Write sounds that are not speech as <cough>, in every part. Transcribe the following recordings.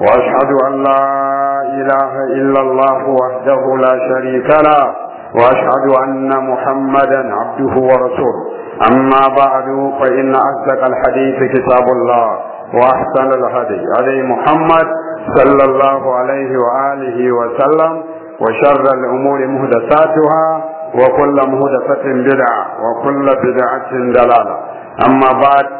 وأشهد أن لا إله إلا الله وحده لا شريك له وأشهد أن محمدا عبده ورسوله أما بعد فإن أصدق الحديث كتاب الله وأحسن الهدي هدي محمد صلى الله عليه وآله وسلم وشر الأمور مهدساتها وكل مهدسة بدعة وكل بدعة دلالة أما بعد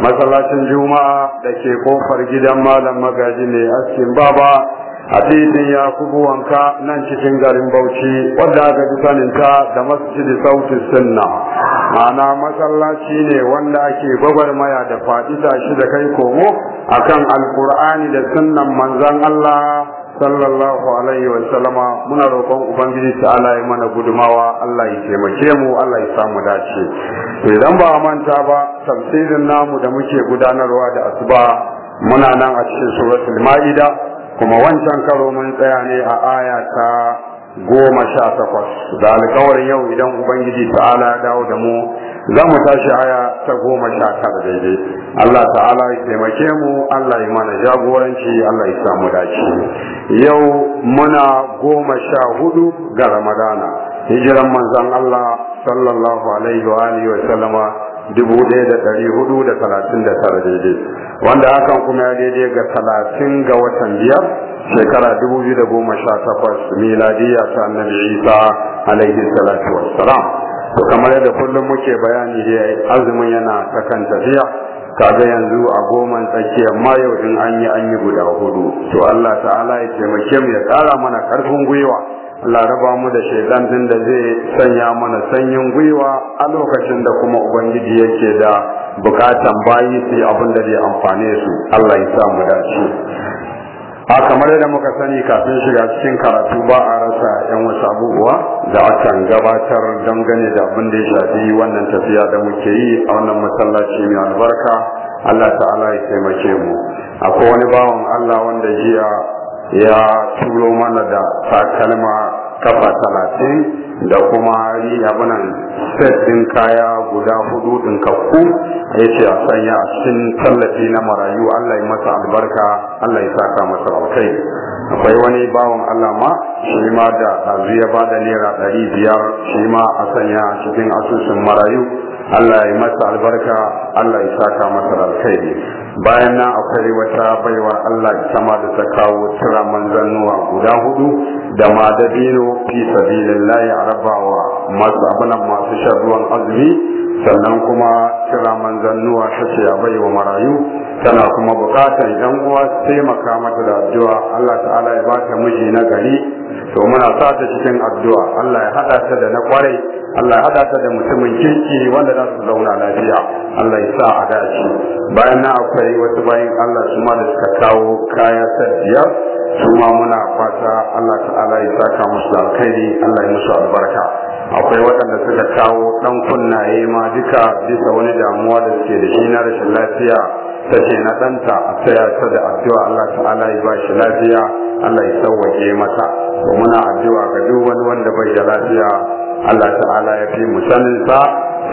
masallacin juma'a da ke kofar gidan malam magaji ne askin baba a titin yakubu wanka nan cikin garin bauchi wadda aka ji saninta da masjidi sauti sunna ma'ana masallaci ne wanda ake gwagwarmaya da faɗi shi da kai komo akan alkur'ani da sunnan manzon allah sallallahu alaihi wa sallama muna roƙon ubangiji ta Allah ya mana gudumawa Allah ya taimake mu Allah ya samu dace to idan ba manta ba tafsirin namu da muke gudanarwa da asuba muna nan a cikin suratul maida kuma wancan karo mun tsaya ne a aya ta goma sha takwas da alkawarin yau idan ubangiji ta'ala ya dawo da mu za mu tashi aya ta goma sha tara daidai Allah ta'ala ya taimake mu Allah ya mana jagoranci Allah ya samu dace yau muna goma sha hudu ga ramadana hijiran manzan Allah sallallahu alaihi wa alihi wa sallama dubu ɗaya da ɗari hudu da talatin da tara daidai wanda hakan kuma ya daidai ga talatin ga watan biyar shekara dubu biyu da goma sha takwas miladiyya ta annabi isa alaihi salatu wassalam kamar yadda kullum muke bayani yi azumin yana kan tafiya kaga yanzu a goman tsakiyar mayo in an yi an yi guda hudu to Allah ta'ala ya taimake mu ya tsara mana karfin gwiwa Allah raba mu da shaidan din da zai sanya mana sanyin gwiwa a lokacin da kuma ubangiji yake da bukatan bayi su yi abin da zai amfane su Allah ya sa mu dace a kamar yadda muka sani kafin shiga cikin karatu ba a rasa yan wasu abubuwa da akan gabatar dangane da abin da ya shafi wannan tafiya da muke yi a wannan masallaci mai albarka Allah ta'ala ya taimake mu akwai wani bawan Allah wanda jiya ya turo mana da takalma kafa talatin da kuma abunan set din kaya guda hudu din kakku ya ce a sanya a cikin tallafi na marayu Allah ya masa albarka Allah ya saka masa alkai akwai wani bawan Allah ma shi ma da azu ya bada naira ɗari biyar shi ma a sanya cikin asusun marayu Allah ya masa albarka Allah ya saka masa alkai bayan nan akwai wata baiwar Allah ita ma da ta kawo tura manzannuwa guda hudu da ma da fi sabilillahi a rabawa masu abana masu shan ruwan azumi sannan kuma kira manzannuwa ta ce a baiwa marayu tana kuma bukatar yan uwa taimaka mata da addu'a Allah ta'ala ya bata miji na gari to muna sa ta cikin addu'a Allah ya hada ta da na kwarai Allah ya hada ta da mutumin kirki wanda za su zauna lafiya Allah ya sa a dace bayan na akwai wasu bayan Allah su ma da suka kawo kaya ta kuma muna fata Allah ta'ala ya saka musu da alkhairi Allah ya musu albarka akwai waɗanda suka kawo ɗan kunnaye ma duka bisa wani damuwa da suke da shi na rashin lafiya ta na ɗanta a tsaya ta da addu'a Allah ta'ala ya ba shi lafiya Allah ya sauwaƙe mata muna addu'a ga duk wani wanda bai da lafiya Allah ta'ala ya fi musaninsa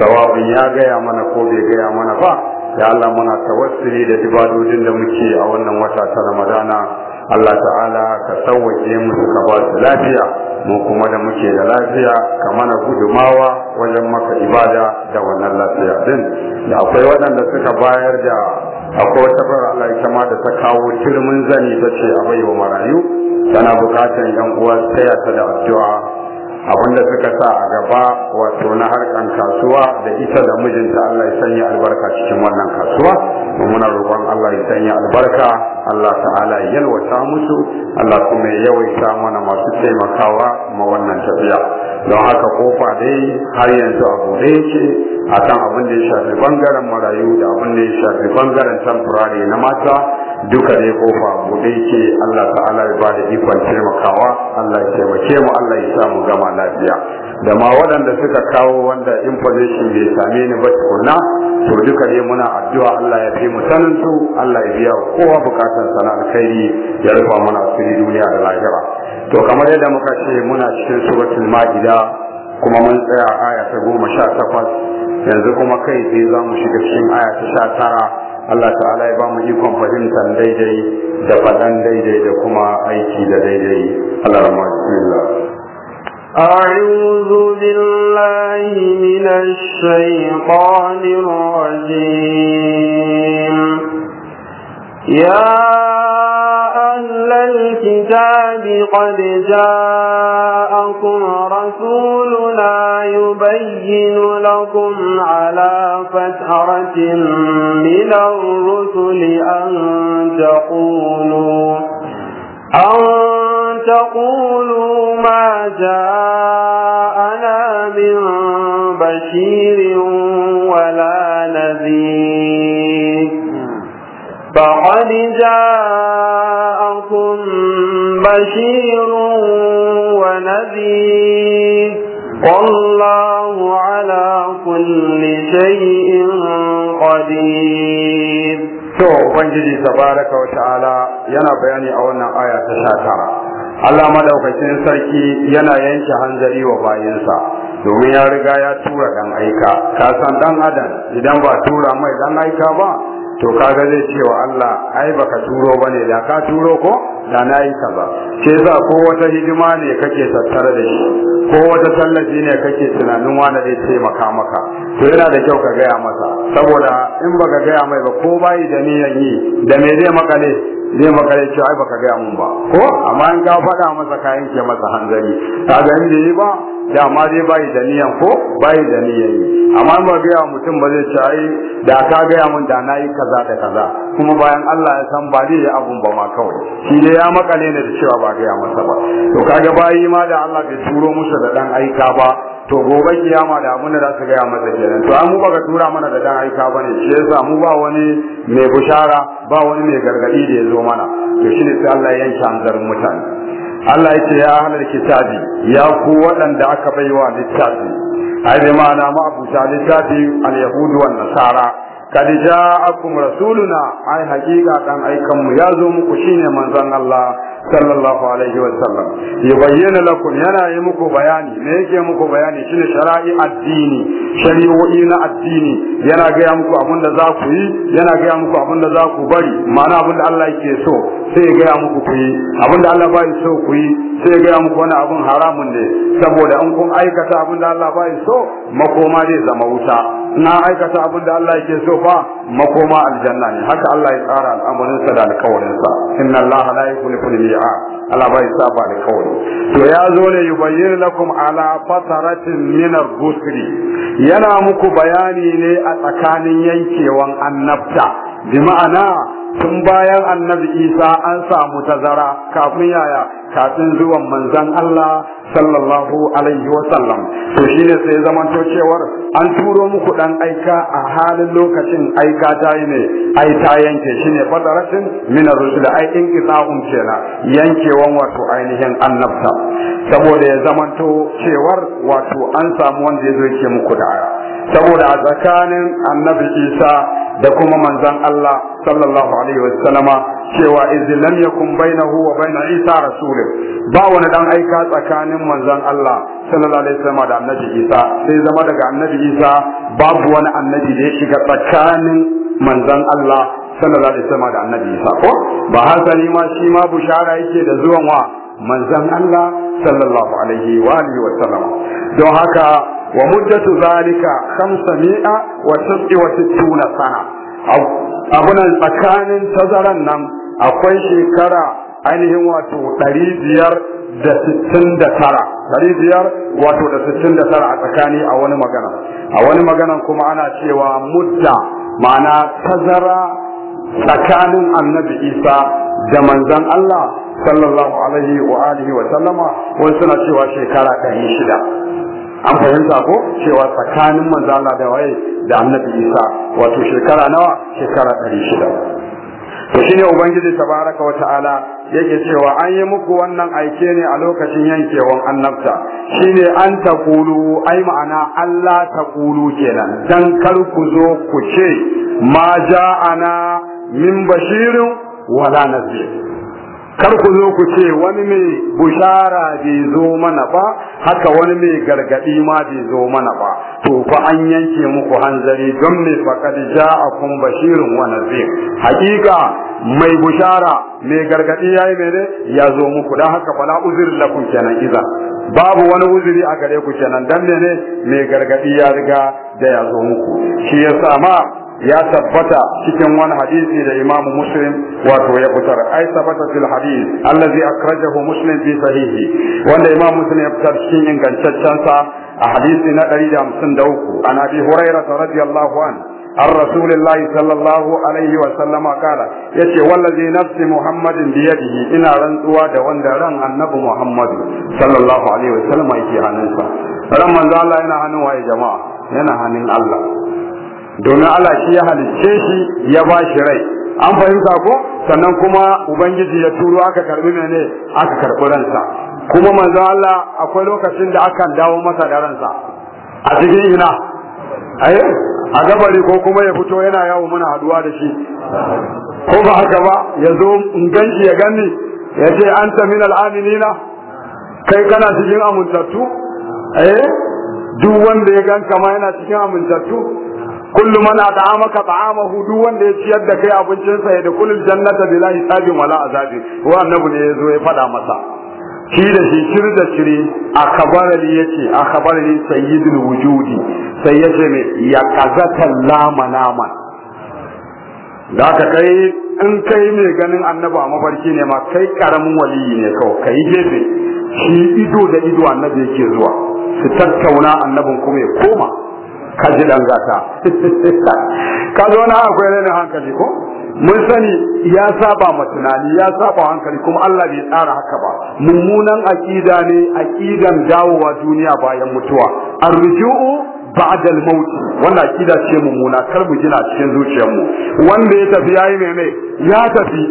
sawabin ya gaya mana ko bai gaya mana ba ya Allah muna tawassuli da ibadodin da muke a wannan wata ta Ramadana Allah ta'ala ka sauwaje musu ka ba su lafiya mu kuma da muke da lafiya ka mana gudumawa wajen maka ibada da wannan lafiya din da akwai waɗanda suka bayar da akwai wata bar Allah ita ma da ta kawo turmin zani ta ce a baiwa marayu tana bukatar yan uwa taya ta da addu'a abinda suka sa a gaba wato na harkan kasuwa da ita da mijinta Allah ya sanya albarka cikin wannan kasuwa muna roƙon Allah ya sanya albarka Allah ta'ala yalwata musu Allah kuma ya yawaita mana masu taimakawa ma wannan tafiya don haka kofa dai har yanzu a bude yake akan abin da ya shafi bangaren marayu da abin da ya shafi bangaren temporary na mata duka dai kofa bude yake Allah ta'ala ya ba da ikon taimakawa Allah ya taimake mu Allah ya sa mu gama lafiya da ma waɗanda suka kawo wanda information bai same ni ba tukuna to duka ne muna addu'a Allah ya fi mu sanin Allah ya biya kowa bukatar sana alkhairi ya rufa mana asiri duniya da lahira to kamar yadda muka ce muna cikin suratul ma'ida kuma mun tsaya aya ta goma sha takwas yanzu kuma kai sai za mu shiga cikin aya ta sha tara Allah ta'ala ya ba mu ikon fahimtar daidai da faɗan daidai da kuma aiki da daidai Allah rahmatullahi أعوذ بالله من الشيطان الرجيم يا أهل الكتاب قد جاءكم رسولنا يبين لكم على فترة من الرسل أن تقولوا أن تقولوا ما جاءنا من بشير ولا نذير فقد جاءكم بشير ونذير والله على كل شيء قدير to ubangiji tabaraka wa ta'ala yana bayani a wannan aya ta 19 Allah madaukakin sarki yana yanke hanzari wa bayinsa domin ya riga ya tura dan aika ka san dan adam idan ba tura mai dan aika ba to kaga zai ce wa Allah ai baka turo bane da ka turo ko da na yi kaza Ke za ko wata hidima ne kake tattare da shi ko wata tallafi ne kake tunanin wani zai taimaka maka to yana da kyau ka gaya masa saboda in baka gaya mai ba ko bai da niyan yi da me zai maka ne zai makare ce ai baka gaya mun ba ko amma in ka faɗa masa kayan ke masa hanzari ta ga inda yi ba da dama dai bayi da niyan ko bayi da niyan yi amma ba gaya mutum ba zai ce ai da ka gaya mun da na yi kaza da kaza kuma bayan Allah ya san ba dai abun ba ma kawai shi dai ya makale ne da cewa ba gaya masa ba to kaga bayi ma da Allah bai turo musu da dan aika ba to gobe kiyama da abin da za su gaya masa kenan to mu baka tura mana da dan aika bane shi yasa mu ba wani mai bushara ba wani mai gargadi da ya zo mana to shine sai Allah ya yanke hanzarin mutane Allah ya ce ya ahlul kitabi ya ku waɗanda aka baiwa littafi ai ma ma'ana ma ta littafi al yahud wa nasara kad ja'akum rasuluna ai haqiqa dan aikan mu ya zo muku shine manzon Allah sallallahu alaihi wa sallam bayyana lakum yana yi muku bayani me yake muku bayani shine shara'i addini shari'o'i na addini yana gaya muku abin da za ku yi yana gaya muku abin da za ku bari ma'ana abin da Allah yake so sai ya gaya muku ku yi abin da Allah bai so ku yi sai ya gaya muku wani abin haramun ne saboda in kun aikata abin da Allah bai so makoma zai zama wuta na aikata abin da Allah yake so fa makoma aljanna ne haka Allah ya tsara al'amarin sa da alƙawarin sa inna Allah la yukhlifu al-mi'a Allah bai saba kawai to ya zo ne yubayyin lakum ala fataratin min ar-rusuli yana muku bayani ne a tsakanin yankewan annabta bi ma'ana tun bayan annabi isa an samu tazara kafin yaya kafin zuwan manzan Allah sallallahu alaihi wa sallam to shine sai zaman to cewar an turo muku dan aika a halin lokacin aika ta yi ne ai ta yanke shine fadaratin min ar-rusul ai in kisahum kenan yankewan wato ainihin annabta saboda ya zaman to cewar wato an samu wanda ya zo yake muku da saboda a tsakanin annabi Isa da kuma manzan Allah sallallahu alaihi wa wasallama cewa idh lam yakun bainahu wa baina Isa rasulun ba wani dan aika tsakanin manzan Allah sallallahu alaihi wa sallama da annabi Isa sai zama daga annabi Isa babu wani annabi da ya shiga tsakanin manzan Allah sallallahu alaihi wa sallama da annabi Isa ko ba hasali ma shi ma bushara yake da zuwan wa manzan Allah sallallahu alaihi wa alihi wasallama don haka wa muddatu zalika 569 sana abunan tsakanin tazaran nan akwai shekara ainihin wato 569 ɗari biyar wato da sittin da tara a tsakani a wani magana a wani magana kuma ana cewa mudda ma'ana tazara tsakanin annabi isa da manzan allah sallallahu alaihi wa alihi wa sallama wani suna cewa shekara ɗari shida an fahimta ko cewa tsakanin manzo Allah da waye da annabi Isa wato shekara nawa shekara 600 to shine ubangiji tabaraka wa ta'ala yake cewa an yi muku wannan aike ne a lokacin yankewan annabta shine an taqulu ai ma'ana Allah taqulu kenan dan kar ku zo ku ce ma ja'ana min bashirin wala nazir kar ku zo ku ce wani mai bushara bai zo mana ba haka wani mai gargadi ma bai zo mana ba to fa an yanke muku hanzari don me faqad ja'akum bashirun wa nadhir hakika mai bushara mai gargadi yayi mene ya zo muku Da haka fala uzur lakum kenan iza babu wani uzuri a gare ku kenan dan mene mai gargadi ya riga da ya zo muku shi yasa ma ya tabbata cikin wani hadisi da Imam Muslim wato ya fitar ai tabbata fil hadis allazi akrajahu Muslim fi sahihi wanda Imam Muslim ya fitar cikin ingantaccen sa a hadisi na 153 an Abi Hurairah radiyallahu anhu عن رسول الله صلى الله عليه وسلم قال يتي والذي نفس محمد بيده إن رنسوا دوان دران النبي محمد صلى الله عليه وسلم يتي عنه yana الله waye jama'a, yana hannun الله domin Allah shi ya halicce shi ya ba shi rai an fahimta ko sannan kuma ubangiji ya turo aka karbi mene aka karbi ransa kuma manzo Allah akwai lokacin da aka dawo masa da ransa a cikin ina ai eh, a gabari ko kuma ya fito yana yawo muna haduwa da shi ko ba haka ba ya zo in ganshi ya gani ya ce anta min al'aminina kai kana cikin amintattu eh duk wanda ya ganka ma yana cikin amintattu kullu man at'amaka ma hudu, wanda ya ciyar da kai abincin sa, ya kullu jannata bila hisabin wala azabi wa annabi ne yazo ya fada masa shi da shi shir da shiri a kabarali yace a kabarali sayyidul wujudi sai yace ya kazata lama lama da ka kai in kai mai ganin annabi a mafarki ne ma kai karamin waliyi ne ka kai gefe shi ido da ido annabi yake zuwa su tattauna annabin kuma ya koma Ka kaji dan gata zo <laughs> na akwai rainin hankali ko mun sani ya saba ma tunani ya saba hankali kuma Allah bai tsara haka ba mummunan akida ne akidan dawowa duniya bayan mutuwa arju'u ba'da al-maut wannan akida ce mummuna kar mu gina cikin zuciyar mu. wanda ya tafi yayi meme ya tafi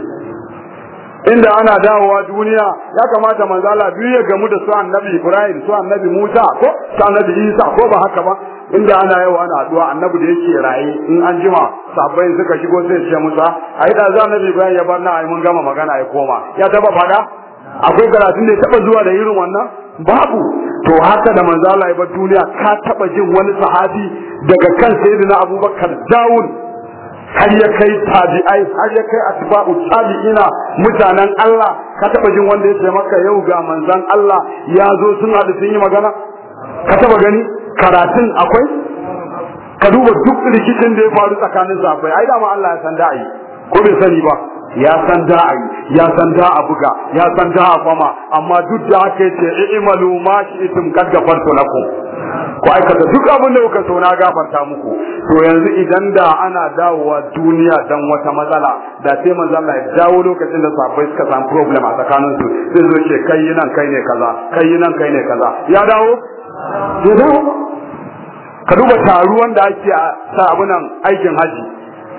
inda ana dawowa duniya ya kamata Manzala biyu ya gamu da su annabi Ibrahim su annabi Musa ko su annabi Isa ko ba haka ba inda ana yau ana addu'a annabi da yake raye in an jima sabbai suka shigo sai ce musa ai da za nabi bayan ya bar na ai mun gama magana ya koma ya taba fada akwai karatun da ya taba zuwa da irin wannan babu to haka da manzo Allah ya duniya ka taba jin wani sahabi daga kan sayyidina Abubakar Dawud har ya kai tabi'ai har ya kai atba'u tabi'ina mutanen Allah ka taba jin wanda ya ce maka yau ga manzon Allah ya zo sun hadu sun yi magana ka taba gani karatun akwai ka duba duk rikicin da ya faru tsakanin zafai ai dama Allah ya san ko bai sani ba ya san ya san a buga ya san a fama amma duk da haka ce i'malu ma shi'tum kad gafartu lakum ku aikata duk abin da kuka so na gafarta muku to yanzu idan da ana dawowa duniya dan wata matsala da sai manzo Allah ya dawo lokacin da sabai suka samu problem a tsakanin su, sai zo ce kai nan kai ne kaza kai nan kai ne kaza ya dawo ka duba taruwan da ake a sabunan aikin haji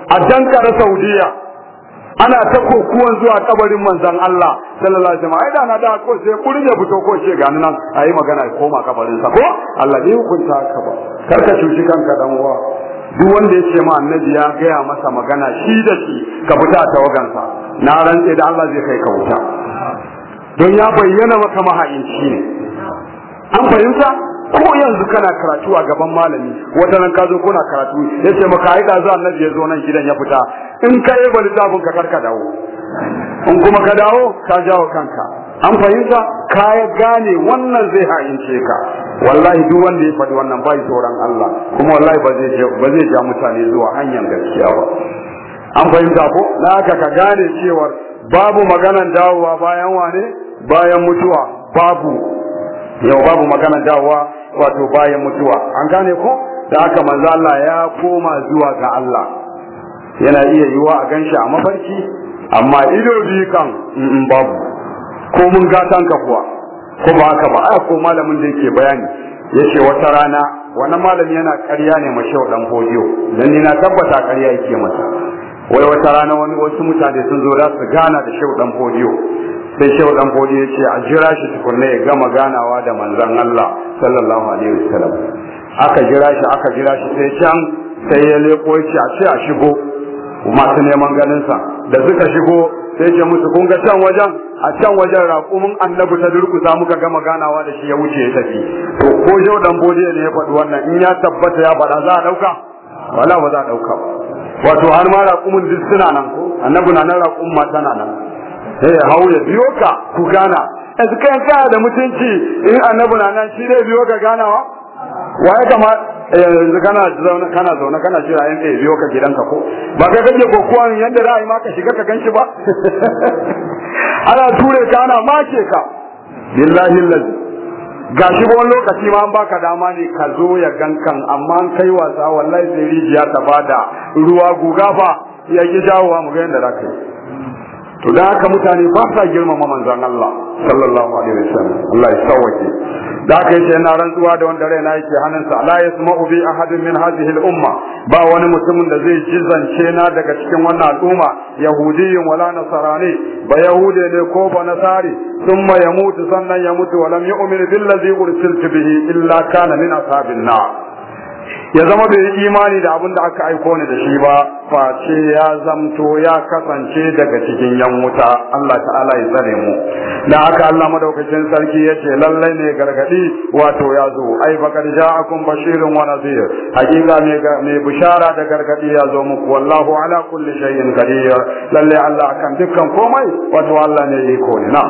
a dankara saudiya ana ta kokuwan zuwa kabarin manzan Allah sallallahu alaihi wasallam ai da na da ko sai kurin ya fito ko sai gani nan ayi magana ya koma kabarin sa ko Allah bai hukunta ka ba kar ka cuci kanka dan uwa duk wanda ya ce ma annabi ya gaya masa magana shi da shi ka fita tawagansa na rantse da Allah zai kai ka wuta don ya bayyana maka maha'inci ne an fahimta ko yanzu kana karatu a gaban malami wata nan ka zo kuna karatu ya ce maka ai ɗazu annabi ya zo nan gidan ya fita in ka yi ba littafin ka karka dawo in kuma ka dawo ka jawo kanka an fahimta ka ya gane wannan zai ha'ince ka wallahi duk wanda ya faɗi wannan bai tsoron Allah kuma wallahi ba zai ba zai ja mutane zuwa hanyar gaskiya ba an fahimta ko na haka ka gane cewa babu maganan dawowa bayan wane bayan mutuwa babu yau babu maganan dawowa wato bayan mutuwa an gane ko da aka manzo Allah ya koma zuwa ga Allah yana iya yiwa a ganshi a mafarki amma ido biyu kan in babu ko mun gatan ka kuwa ko ba haka ba a ko malamin da yake bayani yace wata rana wannan malami yana ƙarya ne ma shau dan hodiyo dan ni na tabbata ƙarya yake masa wai wata rana wani wasu mutane sun zo za su gana da shehu dan hodiyo sai shehu dan hodiyo yace a jira shi tukunna ya gama ganawa da manzon Allah sallallahu alaihi wasallam aka jira shi aka jira shi sai can sai ya leko shi a ce a shigo masu neman ganin sa da suka shigo sai ce musu kun ga can wajen a can wajen raƙumin annabi ta za muka gama ganawa da shi ya wuce ya tafi to ko jau dan bode ne ya faɗi wannan in ya tabbata ya faɗa za a ɗauka wala ba za a ɗauka wato har ma raƙumin duk suna nan annabi na nan raƙumin ma tana nan sai ya hau ya biyo ka ku gana yanzu kai kaya da mutunci in annabi na nan shi zai biyo ka ganawa waye kama eh, yanzu kana zaune kana zaune kana jira in zai biyo ka gidanka ko ba kai kake kokuwa yanda za a yi ma ka shiga ka ganshi ba <laughs> ana ture ka ana make ka billahi lillahi ga shi ba wani lokaci ma an baka dama ne ka zo ya gankan amma an kai wasa wallahi sai rijiya ta bada ruwa guga ba" ya ki jawowa mu ga yanda za ka yi to da haka mutane ba sa girmama manzon Allah sallallahu alaihi wasallam Allah ya sauke da haka yace yana rantsuwa da wanda raina yake hannunsa la yasma'u bi ahadin min hadhihi al-umma ba wani mutumin da zai jizance na daga cikin wannan al'umma yahudiyyin wala nasarani ba yahude ne ko ba nasari thumma yamutu sannan ya mutu wa lam yu'min billazi ursiltu bihi illa kana min ashabin nar ya zama bai yi imani da abin da aka aiko ni da shi ba face ya zamto ya kasance daga cikin yan wuta Allah ta'ala ya tsare mu da aka Allah madaukakin sarki ya ce lallai ne gargadi wato ya zo ai faqad ja'akum bashirun wa nadhir hakika ne ne bishara da gargadi ya zo muku wallahu ala kulli shay'in qadir lallai Allah kan dukkan komai wato Allah ne iko ne na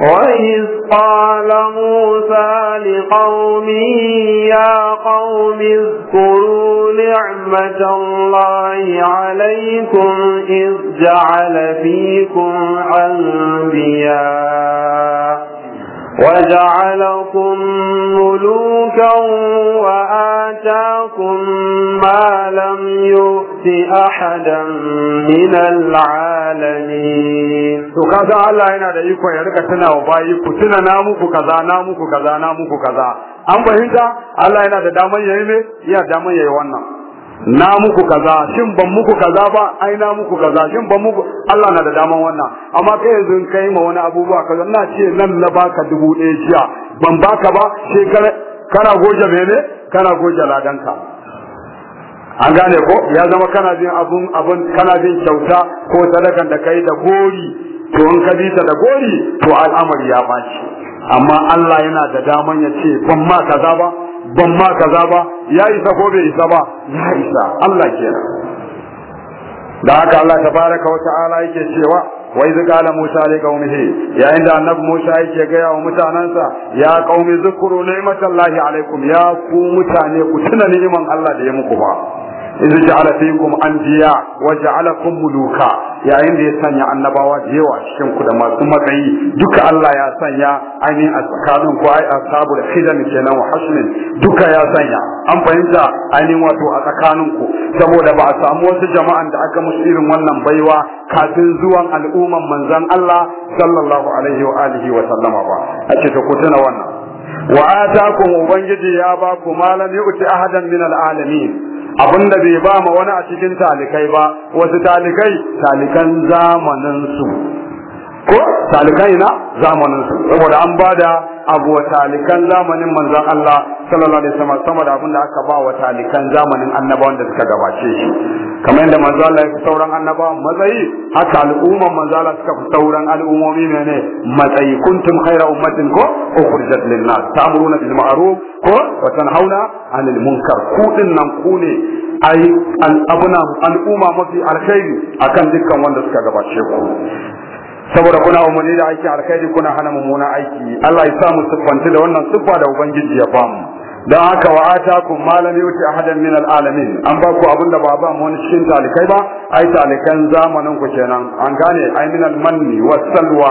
وإذ قال موسى لقومه يا قوم اذكروا نعمة الله عليكم إذ جعل فيكم أنبياء وجعلكم ملوكا وآتاكم ما لم يؤت أحدا من العالمين وكذا الله هنا da iko ya rika tana wa bayi ku tuna na muku kaza na muku kaza na muku kaza an fahimta Allah yana da daman yayi me ya daman yayi wannan na muku kaza shin ban muku kaza ba ai na muku kaza shin ban muku Allah na da daman wannan amma kai yanzu kai ma wani abubuwa kaza ina ce nan na baka dubu ɗaya jiya ban baka ba shekara kana goje mene kana goje ladanka an gane ko ya zama kana jin abun abun kana jin kyauta ko sadakan da kai da gori to in ka ta da gori to al'amari ya baci amma Allah yana da daman ya ce ban ma kaza ba ban ma kaza ba ya isa ko bai isa ba ya isa Allah kenan da haka Allah ta tabaraka wa ta'ala yake cewa wai idh qala musa li qaumihi ya inda annabi musa yake ga yawo mutanansa ya qaumi zkuru ni'matallahi alaikum ya ku mutane ku tuna ni'iman Allah da ya muku ba iz ja'ala an biya wa alafin muluka yayin da ya sanya annabawa da yawa cikin ku da masu matsayi duka Allah ya sanya ainihin a tsakanin ku ai kenan wa hasmin duka ya sanya an fahimta ainihin wato a tsakanin ku saboda ba a samu wasu jama'an da aka musu irin wannan baiwa kafin zuwan al'umman manzon Allah sallallahu alaihi wa alihi wa sallama ba a ce ku tuna wannan wa atakum ubangiji ya ba ku malam yu'ti ahadan min al'alamin abinda bai ba ma wani a cikin talikai ba wasu talikai talikan zamanin su ko talikai na zamanin su saboda an da abu wa talikan zamanin manzan Allah sallallahu alaihi wasallam sama da abinda aka ba wa talikan zamanin annabawan da suka gabace shi kamar yadda manzo Allah ya fi sauran annabawa matsayi haka al'umman manzo Allah suka fi sauran al'ummomi ne matsayi kuntum khaira ummatin ko ukhrijat lin nas ta'muruna bil ma'ruf ko wa tanhauna 'anil munkar ku nan ku ne ai al'umma mafi alkhairi akan dukkan wanda suka gabace ku saboda kuna umarni da aiki alkhairi kuna hana mummuna aiki Allah ya sa mu da wannan siffa da ubangiji ya bamu don haka wa atakum ma lam yuti ahadan min alalamin an ba ku abinda ba ba mu wani cikin talikai ba ai talikan zamanin ku kenan an gane ai min almanni wasalwa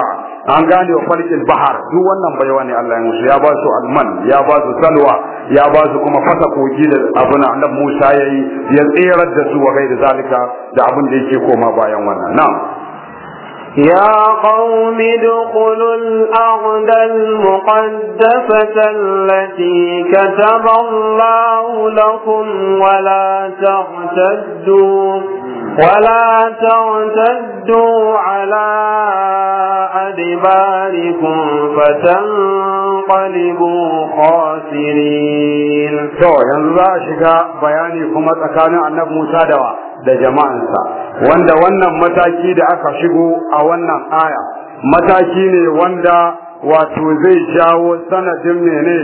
an gane wa falkil bahar duk wannan baiwa wani Allah ya musu ya ba su alman ya ba su salwa ya ba su kuma fasa kogi da abin annabi Musa yayi ya tsirar da su wa gaida zalika da abin da yake koma bayan wannan na'am يا قوم ادخلوا الأرض المقدسة التي كتب الله لكم ولا ترتدوا ولا ترتدوا على أدباركم فتنقلبوا خاسرين. تو ينزل شكا بياني كما تكانوا عن موسى دوا da jama'ansa wanda wannan mataki da aka shigo a wannan aya mataki ne wanda wato zai jawo sanadin mene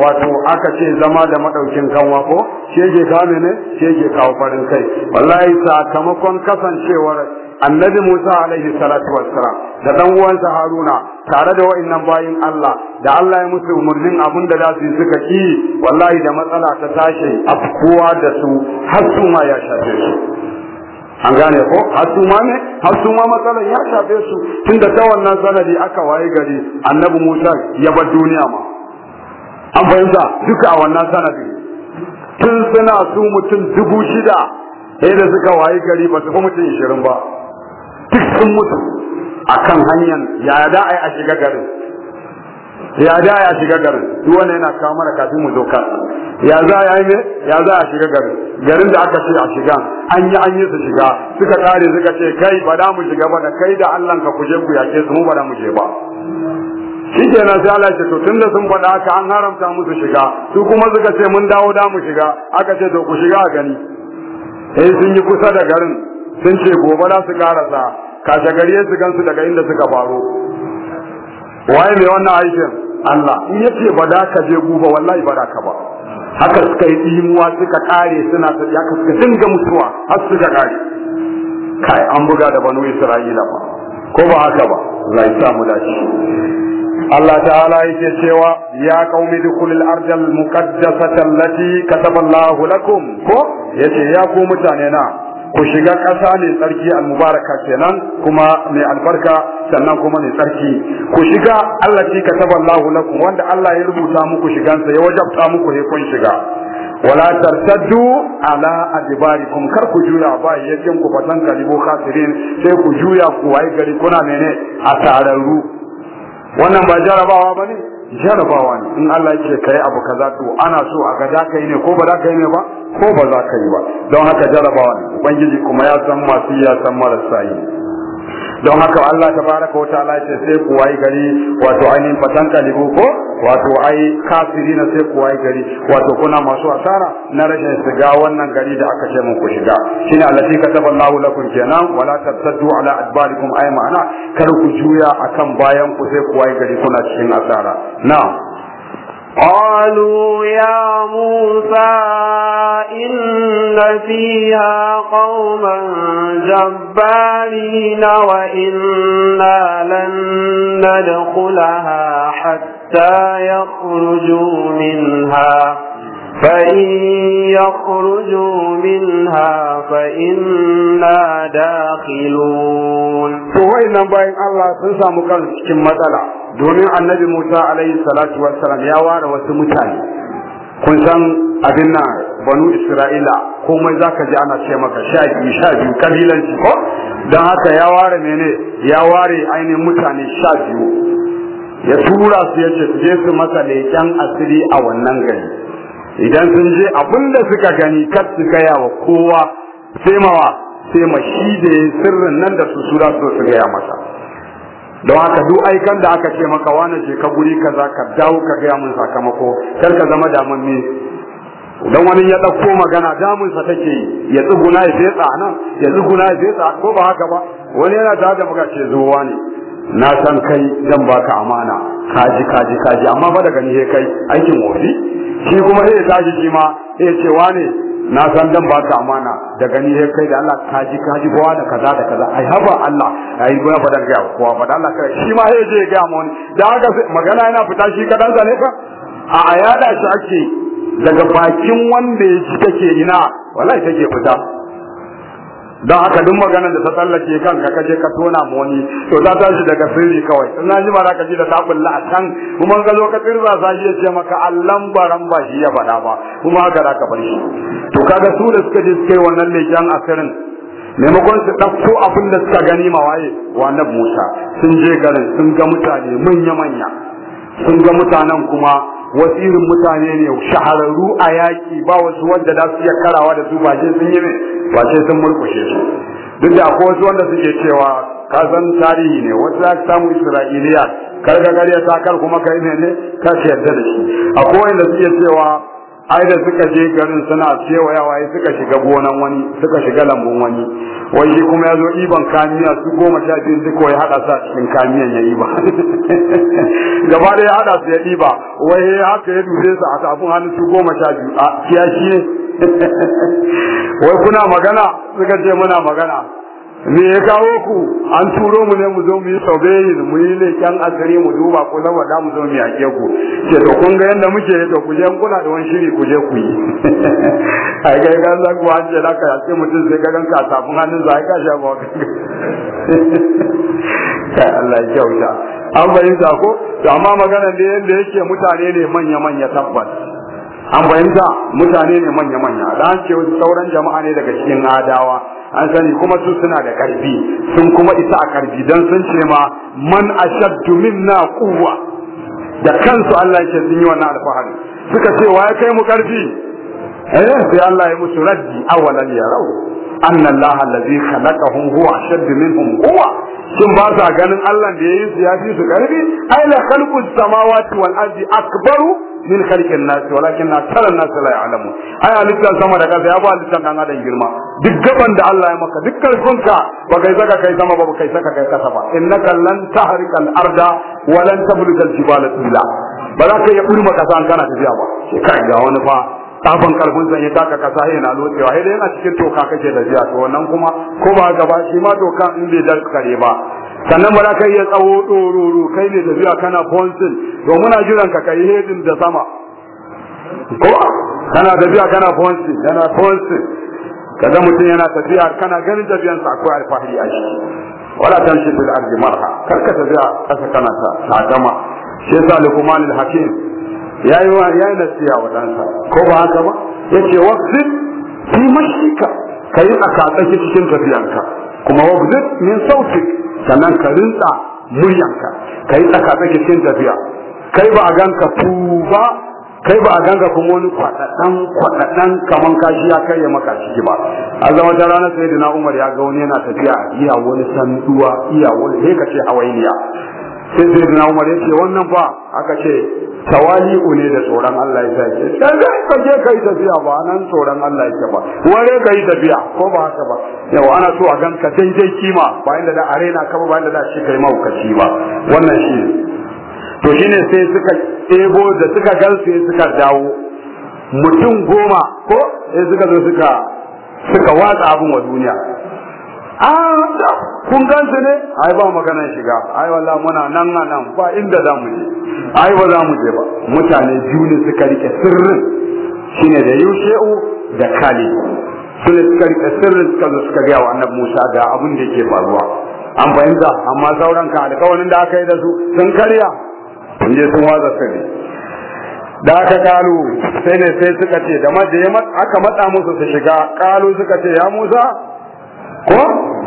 wato aka ce zama da madaukin kanwa ko shi yake mene ke ka kawo farin kai wallahi sakamakon kasancewar annabi Musa alaihi salatu wassalam da dan uwansa Haruna tare da wa'annan bayin Allah da Allah ya musu umurnin abin da za su suka ki wallahi da matsala ta tashi kowa da su har su ma ya shafe su an gane ko har ne har su matsalar ya shafe su tunda ta wannan sanadi aka waye gari annabi Musa ya bar duniya ma an fahimta duka a wannan sanadi tun suna su mutum dubu shida sai da suka waye gari ba su fi mutum ishirin ba duk sun mutu akan hanyar yada a yi a shiga garin ya da ya shiga garin duk wannan yana kawo mara kafin mu zo kan ya za ya yi ya za a shiga garin garin da aka ce a shiga an yi an yi su shiga suka kare suka ce kai ba da mu shiga ba da kai da Allah ka kuje ku yake su mu ba da mu je ba shi ke nan sai Allah ce to tunda sun faɗa haka an haramta musu shiga su kuma suka ce mun dawo da mu shiga aka ce to ku shiga a gani sai eh, sun yi kusa da garin sun ce gobe za su karasa kashe gari su gansu daga inda suka faro waye mai wannan aikin Allah in yace ba da ka je guba wallahi ba da ka ba haka suka yi imuwa suka kare suna tafiya ka suka dinga mutuwa har suka kare kai an buga da banu Isra'ila ba ko ba haka ba Allah ya samu shi. Allah ta'ala yake cewa ya qaumi dukhulul ardal muqaddasata allati kataba lakum ko yace ya ku mutane na ku shiga ƙasa ne tsarki al-mubaraka kenan kuma mai albarka sannan kuma ne tsarki ku shiga Allah ka kataballahu lakum wanda Allah ya rubuta muku shigansa ya wajabta muku ne kun shiga wala tartaddu ala adbarikum kar ku juya ba yakin ku fatan kalibu khasirin sai ku juya ku waye gari kuna mene a tararru wannan ba jarabawa bane jarabawa ne in Allah yake kai abu kaza to ana so a ga da kai ne ko ba da kai ne ba ko ba za ka yi ba don haka jarabawan ubangiji kuma ya san masu ya san marasa yi don haka Allah ta baraka ta'ala ce sai ku wayi gari wato ainihin fatan kalibu ko wato ai kafiri na sai ku wayi gari wato kuna masu asara na rashin shiga wannan gari da aka ce mun ku shiga shine taba kataballahu lakum kenan wala tabtaddu ala adbarikum ay ma'ana kar ku juya akan bayan ku sai ku wayi gari kuna cikin asara na'am قالوا يا موسى إن فيها قوما جبارين وإنا لن ندخلها حتى يخرجوا منها فإن يخرجوا منها فإنا داخلون to wayannan bayan Allah sun samu kan cikin matsala domin annabi Musa alaihi salatu wassalam ya ware wasu mutane kun san abin nan banu Isra'ila komai za ka ji ana ce maka sha biyu sha biyu kabilanci ko don haka ya ware mene ya ware ainihin mutane sha biyu ya tura su ya ce su je su masa leƙen asiri a wannan gari idan sun je abinda suka gani kar su gaya wa kowa sai mawa sai ma shi da ya sirrin nan da su sura so su gaya masa don haka duk aikan da aka ce maka wani je ka guri ka za ka dawo ka gaya min sakamako kar ka zama ne don wani ya ɗauko magana damunsa take yi ya tsuguna ya fetsa nan ya tsuguna ya fesa ko ba haka ba wani yana tare da muka ce zuwa ne na san kai zan baka amana kaji kaji kaji amma ba daga ni kai aikin wofi shi kuma zai tashi shi ma zai ya ce wane na san dan ba ta amana da gani sai kai da Allah kaji kaji kowa da kaza da kaza ai haba Allah ai goya fadan ga kowa fadan Allah kai shi ma sai je ga mu da haka magana yana fita shi kadan ne ka a ayada shi ake daga bakin wanda ya ci take ina wallahi take fita don haka duk maganar da ta tsallake kanka ka je ka tona mu wani to ta tashi daga sirri kawai in na ji ba za ka ji da ta la a can kuma ga lokacin za sa shi ya ce maka allan baran ba shi ya faɗa ba kuma haka za ka bar to kaga su da suka je suka wannan wannan leƙen asirin maimakon su ɗauko abin da suka gani waye wa nan musa sun je garin sun ga mutane manya-manya sun ga mutanen kuma wasirin mutane ne shahararru a yaki ba wasu wanda za su iya karawa da su ba ce sun yi ne ba ce sun murkushe su duk da akwai wasu wanda suke cewa ka san tarihi ne wasu za ka samu isra'iliya kar ka gare ta kar kuma kai ne ne ka yadda da shi akwai wanda suke cewa ai da suka je garin suna cewa ya suka shiga gonan wani suka shiga lambun wani wai shi kuma ya zo iban kamiya su goma sha biyu su koyi hada sa cikin kamiyan ya iba <laughs> gaba da ya hada su ya iba wai haka ya dube su a tafin hannu su goma sha biyu a kiyashi ne <laughs> wai kuna magana suka ce muna magana me ya kawo ku an turo mu ne mu zo mu yi saubeyin mu yi leƙen asiri mu duba ko zama da mu zo mu yaƙe ku ke to kun ga yadda muke to ku je kuna da wani shiri ku je ku yi <laughs> ai ga ga za ku an ce da ka yaƙe mutum sai ka ganka ka tafin hannun za ka sha ba ta <laughs> Allah ya kyauta an fahimta ko to amma magana da yadda yake mutane ne manya-manya tabbas an bayyana mutane ne manya-manya dan ce sauran jama'a ne daga cikin adawa an sani kuma su suna da karfi sun kuma isa a karfi don sun ce ma man ashaddu minna quwwa da kansu Allah yake sun yi wannan alfahari suka ce wa ya kai mu karfi eh sai Allah ya musu raddi awalan yarau anna Allah allazi khalaqahum huwa ashadd minhum huwa sun ba sa ganin Allah da yayi su ya fi su karfi ai la khalqu samawati wal ardi akbaru min khalqi an-nas walakin akthara an-nas la ya'lamu ai halittar sama da kasa ya ba halittar dan adam girma duk gaban da Allah ya maka duk karfinka ba kai saka kai sama ba kai saka kai kasa ba innaka lan tahrika al wa lan tabluga al-jibala tila ba za ka iya kurma kasa an kana tafiya ba sai kai Tafan kalbin zan yi taka kasa yana lotsewa sai dai yana cikin toka kake da jiya to wannan kuma ko ba gaba shi ma toka in bai kare ba sannan bara kai ka iya tsawo ɗororo kai ne jiya kana fonsin? to muna jiran ka kai hedin da sama ko kana jiya kana fonsin? kana fonsin? kaga mutum yana tafiya kana ganin sa akwai alfahari a shi wala tamshi bil ardi marha karkata tafiya kasa kana ta ta gama shi yasa luqman al-hakim ya yi wa ya yi nasiya wa ɗansa ko ba haka ba ya ce waqzid fi mashika ka yi tsaki cikin tafiyanka kuma waqzid min sauti sannan ka rinsa muryanka ka yi tsaki cikin tafiya kai ba a ganka fu ba kai ba a ganka kuma wani kwaɗaɗɗan kwaɗaɗɗan kaman kashi ya maka ciki ba a zama ta ranar sai na umar ya ga wani yana tafiya iya wani sanduwa iya wani sai ka hawainiya sai zai na umar ya ce wannan ba aka ce tawali'u ne da tsoron Allah ya ce sai zai ka je kai tafiya ba nan tsoron Allah ya ba ware kai tafiya ko ba haka ba yau ana so a ganka daidai kima ba inda da arena ka ba inda da shi kai mahaukaci ba wannan shi to shine sai suka ebo da suka gan sai suka dawo mutum goma ko sai suka zo suka suka watsa abin wa duniya a ah, kun gansu ne ai ba magana shiga ai wallahi muna nan nan ba inda za mu je ai ba za mu je ba mutane biyu ne suka rike sirrin shine da yushe'u da kali sun suka rike sirrin suka zo suka ga annabi Musa ga abin da yake faruwa an fahimta amma sauran ka alƙawarin da aka yi da su sun karya sun je sun waza sani. da aka kalu sai ne sai suka ce da ma da aka matsa musu su shiga kalu suka ce ya Musa ko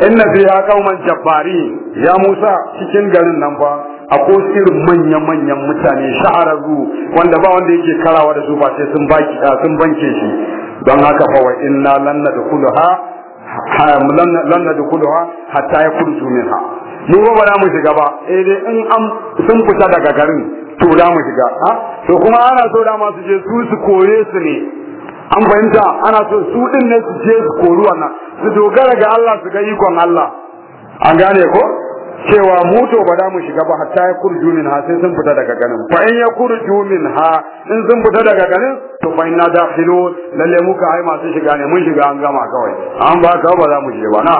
inna fiha qauman jabbari ya Musa cikin garin nan ba akwai irin manyan manyan mutane shahararru wanda ba wanda yake karawa da su ba sai sun baki sun banke shi don haka fa wa inna lan nadkhulha lan nadkhulha hatta yakhruju minha mu ba za mu shiga ba eh dai in an sun fita daga garin to da mu shiga ha to kuma ana so da masu je su su koye su ne an fahimta ana so su din ne su je su koru wannan su dogara ga Allah su ga ikon Allah an gane ko cewa mu ba da mu shiga ba hatta ya kurju min ha sai sun fita daga ganin fa in ya kurju min ha in sun fita daga ganin to fa inna dakhilun lalle muka ai masu shiga ne mun shiga an gama kawai an ba ka ba za mu je ba na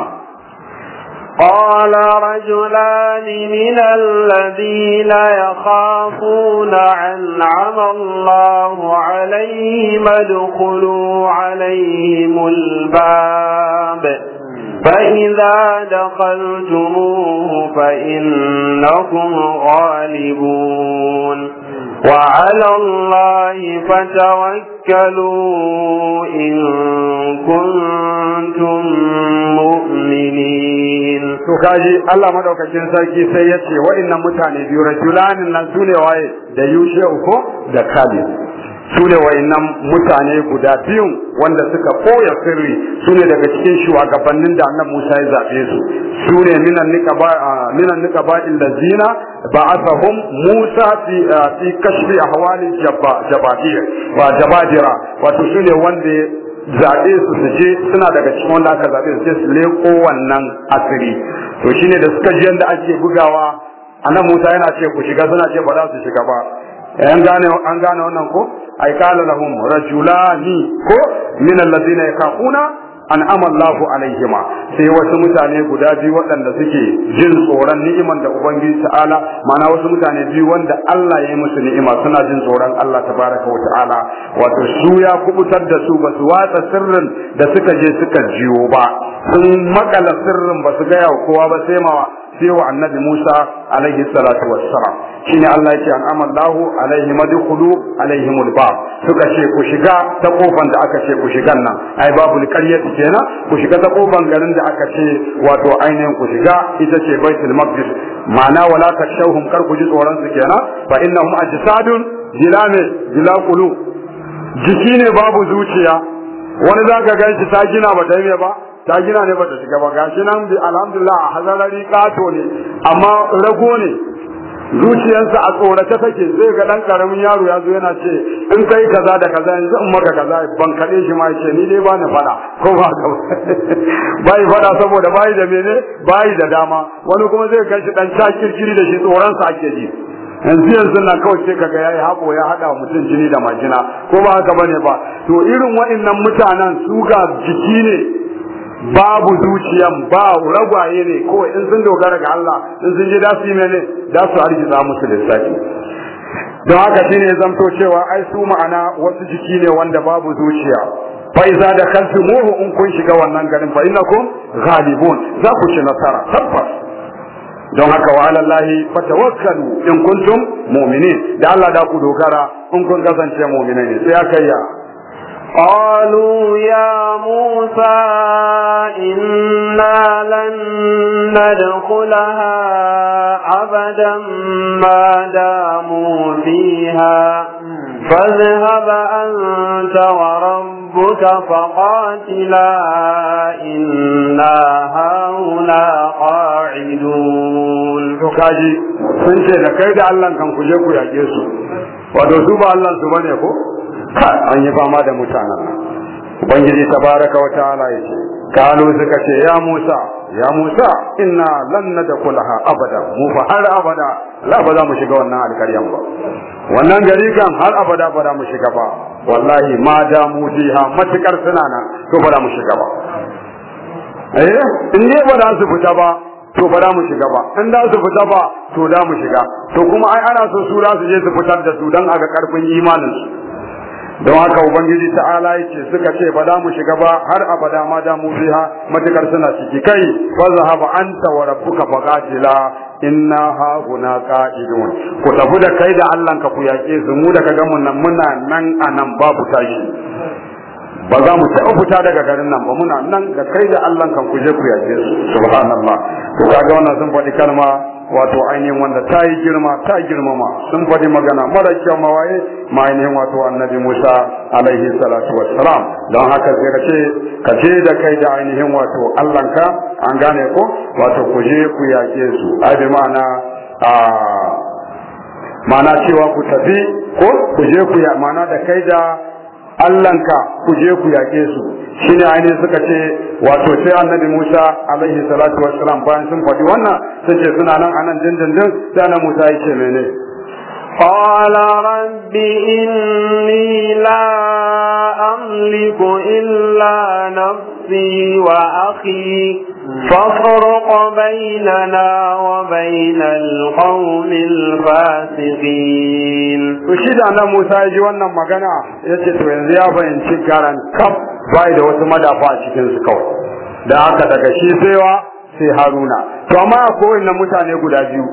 قال رجلان من الذين يخافون أنعم الله عليهم ادخلوا عليهم الباب فإذا دخلتموه فإنكم غالبون Wahalar الله فتوكلوا إن كنتم مؤمنين kaji Allah maɗaukacin sarki sai yace waɗannan mutane biyu rajulan nan sune waye da yushe uku da kalib su ne wayannan mutane guda biyun wanda suka koya sirri su ne daga cikin shugabannin da annabi Musa ya zabe su su ne minan ba minan ba allazina ba'athahum Musa fi fi kashfi ahwali jabba jabadira wa jabadira wato su ne wanda zaɓe su su je suna daga cikin wanda aka zaɓe su je su leko wannan asiri to shine da suka je yadda ake bugawa annabi Musa yana ce ku shiga suna ce ba za su shiga ba gane an gane wannan ko ay kala lahum rajulani ko min alladhina yakafuna an amallahu alaihima sai wasu mutane guda biyu waɗanda suke jin tsoron ni'iman da ubangiji ta'ala mana wasu mutane biyu wanda Allah ya yi musu ni'ima suna jin tsoron Allah tabaraka wa ta'ala wato su ya kubutar da su ba su watsa sirrin da suka je suka jiwo ba sun makala sirrin ba su gaya kowa ba sai mawa sai wa annabi Musa alaihi salatu wassalam shine Allah yake an amallahu alaihi madkhulu alaihi mulba suka ce ku shiga ta kofan da aka ce ku shigan nan ai babu ƙarya kenan ku shiga ta kofan garin da aka ce wato ainihin ku shiga ita ce baitul maqdis ma'ana wala takshawhum kar ku ji tsoron su kenan fa innahum ajsadun jilame jilaqulu jiki ne babu zuciya wani zaka ganshi ta gina ba ta ba ta gina ne bata shiga ba gashi nan bi alhamdulillah hazarari kato ne amma rago ne zuciyarsa a tsorace take zai ga dan karamin yaro ya zo yana ce in kai kaza da kaza yanzu in maka kaza ban kade shi ma ce ni dai ba ni fada ko ba ka bai <laughs> fada saboda bai da mene bai da dama wani kuma zai kai shi dan kirkiri da shi tsoransa ake ji yanzu yanzu na kawai ce kaga yayi hako ya hada mutum jini da majina ko ba haka bane ba to irin waɗannan mutanen su ga jiki ne babu zuciyan ba ragwaye ne kawai in sun dogara ga Allah in sun ji dasu mene da su arjiza musu lissafi don haka shine zamto cewa ai su ma'ana wasu jiki ne wanda babu zuciya fa iza da kaltumuhu in kun shiga wannan garin fa innakum ghalibun za ku ci nasara tabbas don haka wa alallahi fa tawakkalu in kuntum mu'minin da Allah da ku dogara in kun kasance mu'minai sai aka yi قالوا يا موسى إنا لن ندخلها أبدا ما داموا فيها فاذهب أنت وربك فقاتلا إنا هؤلاء قاعدون kaji sun ce da كان da يا جيسو ودوسوب ku yake an yi fama da mutanen ubangiji tabaraka wa ta'ala yace kalu suka ce ya Musa ya Musa inna lan nadkhulaha abada mu fa har abada la ba za mu shiga wannan alkaryan ba wannan gari kan har abada ba za mu shiga ba wallahi ma da mu fiha matukar suna nan to ba za mu shiga ba eh in ne ba za su fita ba to ba za mu shiga ba in da su fita ba to da mu shiga to kuma ai ana so su za su je su fitar da su dan ga karfin imanin su don haka ubangiji ta'ala yake suka ce ba za mu shiga ba har abada ma da mu biha matakar suna ciki kai fa zahaba anta wa rabbuka faqatila inna ha guna qa'idun ku tafi da kai da Allah ka ku yake su mu daga gamun nan muna nan anan babu tashi ba za mu tafi fita daga garin nan ba muna nan ga kai da Allah ka ku je ku yake su subhanallah to kaga wannan sun faɗi kalma wato ainihin wanda ta yi girma ta girmama sun faɗi magana mara kyau mawaye ma ainihin wato annabi Musa alaihi salatu wassalam don haka sai ka ce ka ce da kai da ainihin wato allanka an gane ko wato ku je ku yaƙe su ai bi ma'ana a ma'ana cewa ku tafi ko ku je ku ya ma'ana da kai da allanka ku je ku yaƙe su shine ainihin suka ce wato sai annabi Musa alaihi salatu wassalam bayan sun faɗi wannan suke suna nan anan dindindin sai na Musa yake mene قال رب إني لا أملك إلا نفسي وأخي فافرق بيننا وبين القوم الفاسقين وشيد أنا موسى جوانا مغانا يتتو ينزيا فإن شكرا كب بايد وسمدا فاشكين سكو da aka daga shi saiwa sai haruna to amma ko wannan mutane guda biyu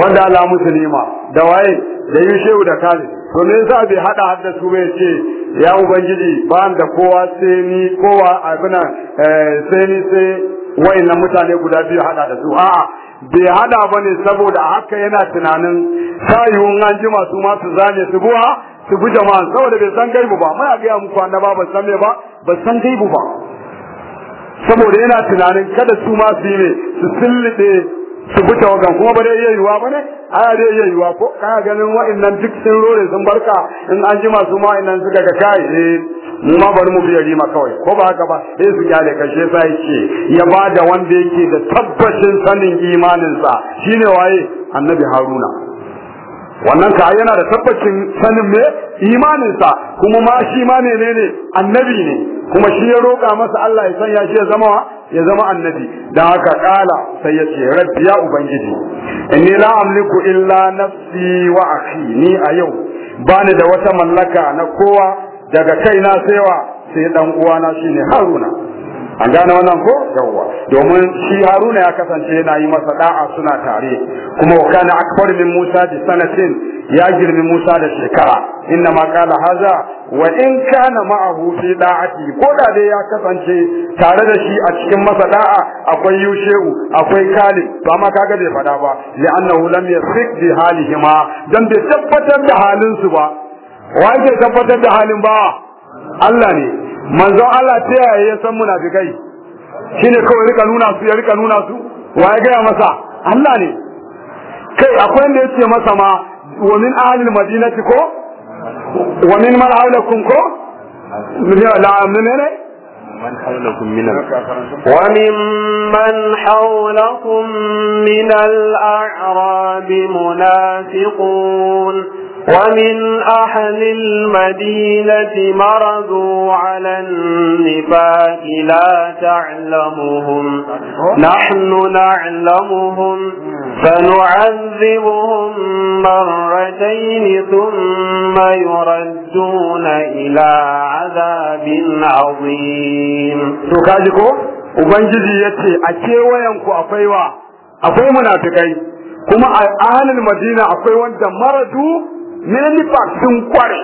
wanda ala musulima da waye da yushehu da kale to me yasa bai hada hadda su bai ce ya ubangiji ba da kowa sai ni kowa abuna eh, sai ni sai wayannan mutane guda biyu hada da su a'a bai hada bane saboda haka yana tunanin sayuwan an su ma su zane su buwa su bi jama'a saboda bai san gaibu ba muna gaya muku annaba ba san me ba ba san gaibu ba saboda yana tunanin kada su ma su yi ne su sillide su buta wagan kuma ba iya yiwuwa ba ne ana dai iya yiwuwa ko kana ganin wa'annan duk sun rore sun barka in an ji masu ma wa'annan suka ga kai eh mu ma bari mu biya rima kawai ko ba haka ba sai su kyale kashe sa yake ya ba da wanda yake da tabbacin sanin imaninsa shine waye annabi haruna wannan ka yana da tabbacin sanin me imaninsa kuma ma shi ma menene annabi ne kuma shi ya roƙa masa Allah ya sanya shi ya zama ya zama annabi dan haka kala sai ya ce rabbi ya ubangiji inni la amliku illa nafsi wa akhi ni a yau bani da wata mallaka na kowa daga kaina sai wa sai dan uwana shine haruna an gane wannan ko yawwa domin shi haruna ya kasance yana yi masa da'a suna tare kuma wa kana akbar min musa bi sanatin ya girmi musa da shekara inna ma qala haza wa in kana ma'ahu fi da'ati ko da dai ya kasance tare da shi a cikin masa da'a akwai yushehu akwai kali ba ma kaga bai fada ba annahu lam yasik bi halihima dan bai tabbatar da halin su ba wa ke tabbatar da halin ba Allah ne manzon Allah ta yaya ya san munafikai shine kawai rika nuna su ya rika nuna su wa ya gaya masa Allah ne kai akwai wanda yake masa ma wa min ahlil madinati ko wa min man hawlakum ko la menene من ومن من حولكم من الأعراب منافقون ومن أهل المدينة مرضوا على النفاق لا تعلمهم نحن نعلمهم فنعذبهم مرتين ثم يردون إلى عذاب عظيم تكاجكو Ubangiji ya ce, A kewayenku akwai wa, akwai munafikai, kuma a ahalin Madina akwai wanda maradu nelifa sun kware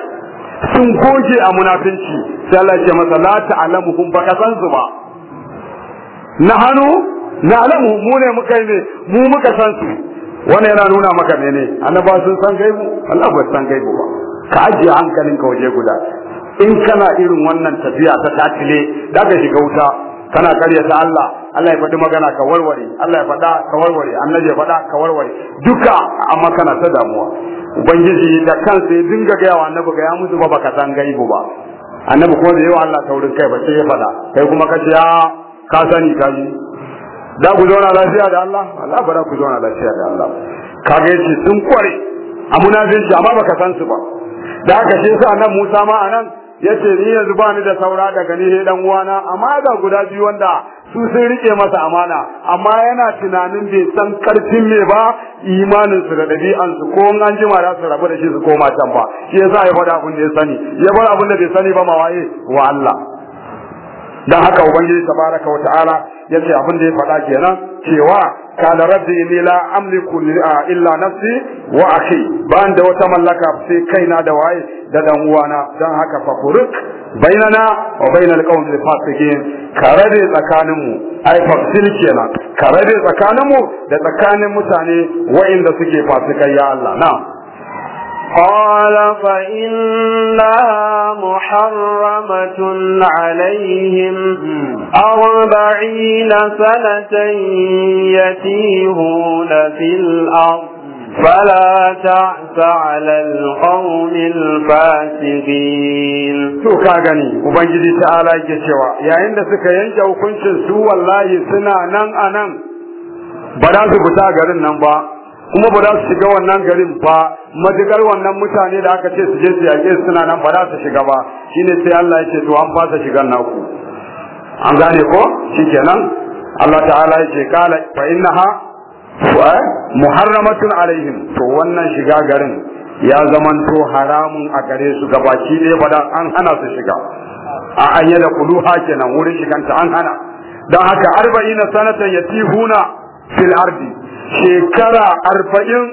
sun goge a munafinci sai Allah ya masa la ta'lamuhum ba kasan su ba na hannu na alamu mu ne muka ne mu muka san su wannan yana nuna maka mene annaba sun san gaibu Allah ba san gaibu ba ka ajiye hankalinka waje guda in kana irin wannan tafiya ta tatile da ka shiga wuta kana karya ta Allah Allah ya faɗi magana ka warware Allah ya faɗa ka warware annabi ya faɗa ka warware duka amma kana ta damuwa ubangiji da kansa ya dinga gaya wa annabi ga ya musu ba baka san gaibu ba annabi ko da yawa Allah taurin kai ba sai ya faɗa kai kuma ka ce ka sani ka ji da ku zauna lafiya da Allah Allah bara ku zauna lafiya da Allah ga shi sun kware a munafinci amma baka san su ba da haka shi sa nan Musa ma anan yace ni yanzu ba ni da saura daga ni dan uwana amma ga guda biyu wanda su sun rike masa amana amma yana tunanin bai san karfin me ba imanin su da dabi'an su ko an jima da su rabu da shi su koma can ba shi yasa ya faɗa abin da ya sani ya bar abin da bai sani ba ma waye wa Allah dan haka ubangiji tabaraka wa ta'ala yace abin da ya faɗa kenan cewa kana rabbi inni la amliku illa nafsi wa akhi ban da wata mallaka sai kaina da waye da dan uwana dan haka fakuruk bainana wa bainal qawmil fasiqin karabe tsakanin mu ai fasil kenan karabe tsakanin mu da tsakanin mutane wa'inda suke fasikai ya Allah na'am قال na محرمة عليهم أربعين سنة يتيهون في الأرض فلا تعس على القوم الفاسقين to ka gani ubangiji ta'ala yake cewa yayin da suka yanke hukuncin su wallahi suna nan anan ba za su fita garin nan ba kuma ba za su shiga wannan garin ba madigar wannan mutane da aka ce su je su yaƙe suna nan ba za su shiga ba shine sai Allah yake to an fasa shigan naku an gane ko shikenan Allah ta'ala yake kala fa innaha muharramatun alaihim to wannan shiga garin ya zamanto haramun a gare su gabaki ba faɗa an hana su shiga a anya da kuluha kenan wurin shiganta an hana don haka arba'ina sanatan yatihuna fil ardi shekara arba'in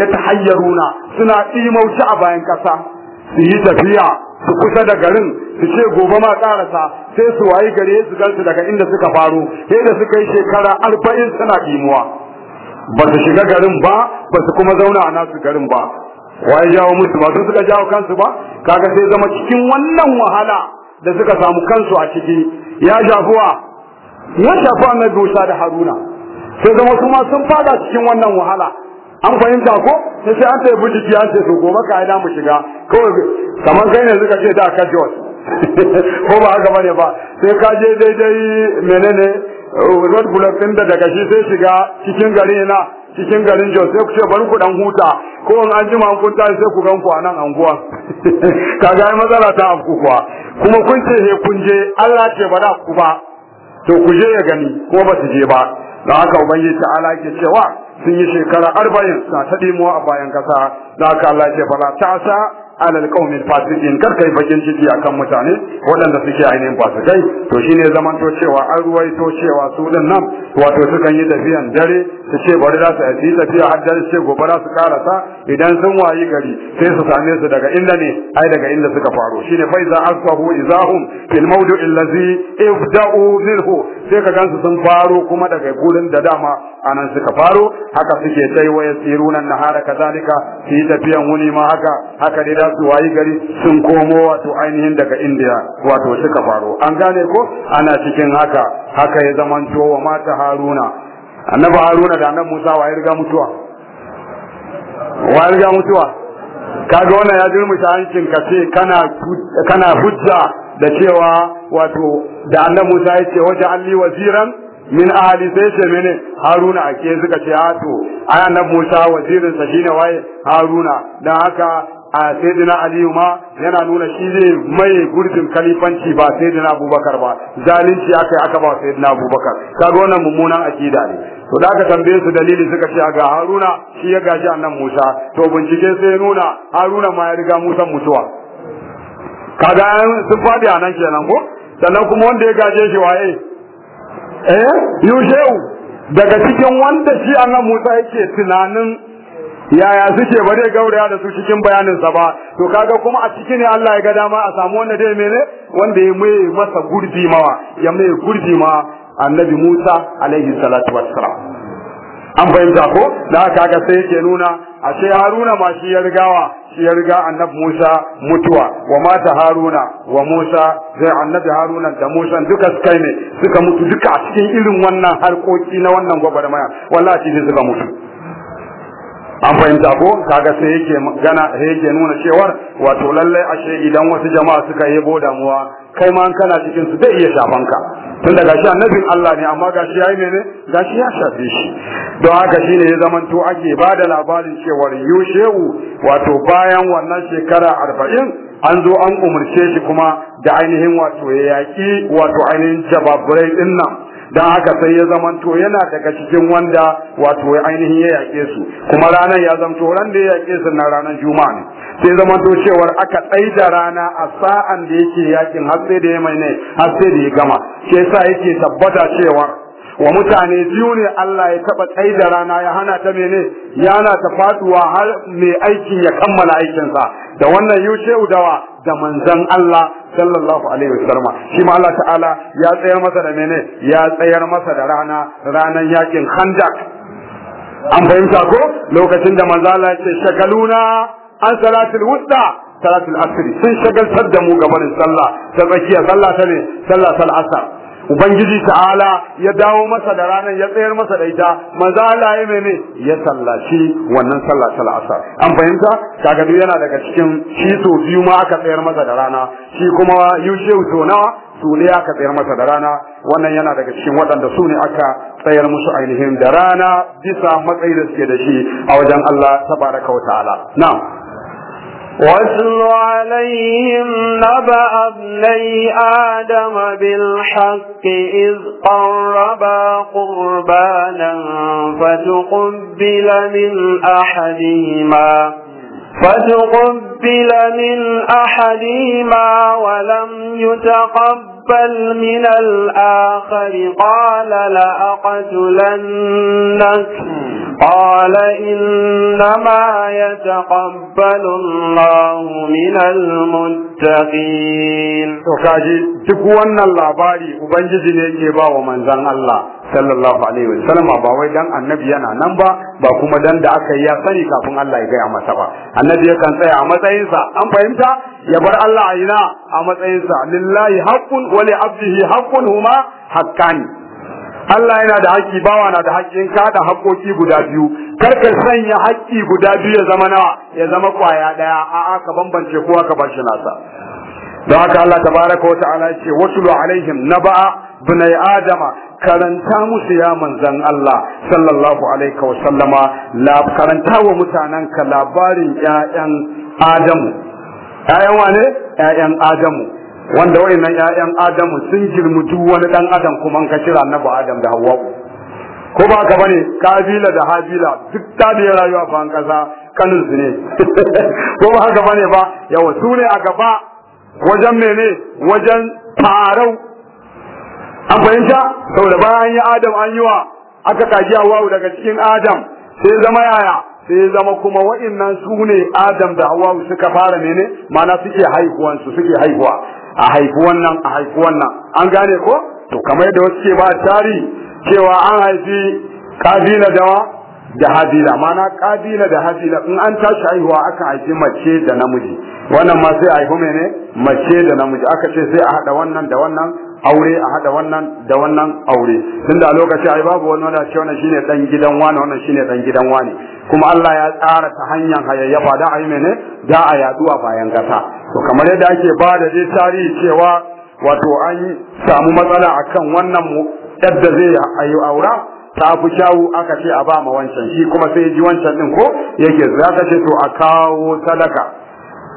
ya tahayyaruna suna ɗimauci a bayan ƙasa su yi tafiya su kusa da garin su ce gobe ma ƙarasa sai su wayi gare su gansu daga inda suka faru sai da suka yi shekara arba'in suna ɗimuwa ba su shiga garin ba ba su kuma zauna a nasu garin ba Wa ya jawo musu ba su suka jawo kansu ba kaga sai zama cikin wannan wahala da suka samu kansu a ciki ya shafuwa ya shafi annabi Musa da Haruna sai zama su ma sun fada cikin wannan wahala an fahimta ko sai sai an sai bijiki an sai to gobe ka ina mu shiga kawai kamar kai ne suka ce da ka jos <laughs> ko ba haka bane ba sai ka je daidai menene red bullet ɗin da daga shi sai shiga cikin gari na cikin garin Jos sai ku ce bari ku dan huta ko in an jima kun tashi sai ku ganku a nan anguwa <laughs> kaga ai matsala ta afku kuwa kuma kun ce he kun je Allah ce ba da ku ba to ku je ya gani ko ba su je ba da haka ubangiji ta ala ke cewa sun yi shekara arba'in na ta a bayan kasa da haka Allah ce fara ta sa alal qaumil fasiqin kar kai bakin ciki akan mutane waɗanda suke ainihin fasikai to shine zamanto cewa an ruwaito cewa su nan wato sukan yi tafiyan dare su ce bari za su yi tafiya har dare su ce gobe za su karasa idan sun wayi gari sai su same su daga inda ne ai daga inda suka faro shine fa iza asbahu izahum fil mawdu allazi ibda'u minhu sai ka gansu sun faro kuma daga gurin da dama anan suka faro haka suke sai wa yasiruna nahara kazalika su yi tafiyan wuni ma haka haka dai za su wayi gari sun komo wato ainihin daga indiya wato suka faro an gane ko ana cikin haka haka ya zamanto wa mata haruna annabi haruna da annabi musa wa ya riga mutuwa wa ya riga mutuwa kaga wannan ya jirmuta hancin ka ce kana kana hujja da cewa wato da annabi musa ya ce waje alli waziran min ahli sai ce mene haruna ake suka ce a to ai annabi musa wazirin sa shine waye haruna dan haka a sayyidina aliyu ma yana nuna shi ne mai gurbin kalifanci ba sayyidina abubakar ba zalunci aka aka ba sayyidina abubakar kaga wannan mummunan akida ne to da aka tambaye su dalili suka ce ga haruna shi ya gaji annan musa to bincike sai nuna haruna ma ya riga musa mutuwa kaga sun fadi a kenan ko sannan kuma wanda ya gaje shi waye eh yushehu daga cikin wanda shi annan musa yake tunanin yaya suke ba zai gauraya da su cikin bayanin sa ba to kaga kuma a ciki ne Allah ya ga dama a samu wanda dai mene wanda ya mai masa gurbi mawa ya mai gurbi ma annabi Musa alaihi salatu wassalam an fahimta ko da kaga sai yake nuna ashe Haruna ma shi ya rigawa shi ya riga annabi Musa mutuwa wa mata Haruna wa Musa zai annabi Haruna da Musa duka suka ne suka mutu duka a cikin irin wannan harkoki na wannan gwagwarmaya wallahi sai suka mutu an fahimta ko kaga sai yake gana yake nuna cewar wato lallai ashe idan wasu jama'a suka bo damuwa kai ma kana cikin su zai iya shafan ka tun daga shi annabin Allah ne amma gashi yayi mene gashi ya shafe shi don haka shine ya zamanto ake ba da labarin cewar yushehu wato bayan wannan shekara arba'in an zo an umarce shi kuma da ainihin wato ya yaƙi wato ainihin jababurai dinnan. don haka sai ya zamanto yana daga cikin wanda wato ainihin ya yaƙe su kuma ranar ya zama ran da ya yaƙe su na ranar juma'a ne sai zamanto cewar aka tsaida rana a sa'an da yake yakin har da ya mai ne har sai da ya gama sai sa yake tabbata cewar wa mutane biyu ne Allah ya taɓa tsaye da rana ya hana ta mene ya ta faduwa har mai aikin ya kammala aikinsa da wannan yushe dawa da manzan Allah sallallahu alaihi wasallam shi ma Allah ta'ala ya tsayar masa da mene ya tsayar masa da rana ranan yakin Khandak an fahimta ko lokacin da manzo Allah ya ce shakaluna an salatul wusta salatul asr sun shagaltar da mu gaban sallah ta tsakiya sallah ta ne sallah sal asr ubangiji ta'ala ya dawo masa da ranar ya tsayar masa da ita manzo Allah ya mene ya sallaci wannan sallah ta asar an fahimta kaga yana daga cikin shi to biyu ma aka tsayar masa da rana shi kuma yushe to nawa su ne aka tsayar masa da rana wannan yana daga cikin waɗanda su ne aka tsayar musu ainihin da rana bisa matsayi da suke da shi a wajen Allah tabaraka wa ta'ala na'am واتل عليهم نبأ ابني آدم بالحق إذ قربا قربانا فتقبل من أحدهما فتقبل من أحدهما ولم يتقبل تقبل من الآخر قال لأقتلنك قال إنما يتقبل الله من المتقين وكاجي تكون الله باري وبنجزي لك باو منزان الله sallallahu alaihi wa sallam ba wai dan annabi yana nan ba ba kuma dan da aka yi ya sani kafin Allah ya gaya masa ba annabi ya kan tsaya a matsayinsa an fahimta ya bar Allah a ina a matsayinsa lillahi haqqun wa li abdihi haqqun huma haqqani Allah yana da haƙƙi bawa na da haƙƙin ka da haƙƙoƙi guda biyu kar ka sanya haƙƙi guda biyu ya zama nawa ya zama kwaya daya a ka bambance kowa ka bar shi nasa don haka Allah tabaraka wa ta'ala ya ce watulu alaihim naba'a bunai adama karanta musu ya manzan Allah sallallahu alaihi wa sallama la karanta wa mutanen ka labarin ƴaƴan Adamu ƴaƴan wane ƴaƴan Adamu wanda wayannan ƴaƴan Adamu sun girmu duk wani dan adam kuma an ka kira annabi Adam da Hawwa ko ba ka bane kabila da habila duk ta da rayuwa ban kasa kanin su ne <laughs> ko ba ka bane ba yawa su a gaba wajen mene wajen tarau an fahimta saboda bayan ya adam an yi wa aka kaji wawu daga cikin Adam sai zama yaya sai zama kuma wa'annan su ne Adam da Hawwa suka fara mene mana suke haihuwan su suke haihuwa a haihuwan nan a haihuwan nan an gane ko to kamar yadda wasu ke ba tari cewa an haifi kabila dawa da hadila mana kabila da hadila in an tashi haihuwa aka haifi mace da namiji wannan ma sai haihu mene mace da namiji aka ce sai a haɗa wannan da wannan aure a hada wannan da wannan aure tunda a lokaci ai babu wani wanda ce wannan shine dan gidan wani wannan shine dan gidan wani kuma Allah ya tsara ta hanyar hayayyafa da ai mene da a yadu a bayan gasa. to kamar yadda ake ba da dai tarihi cewa wato an samu matsala akan wannan yadda zai ayi aura ta fi kyawu aka ce a ba ma wancan shi kuma sai ji wancan din ko yake zaka ce to a kawo sadaka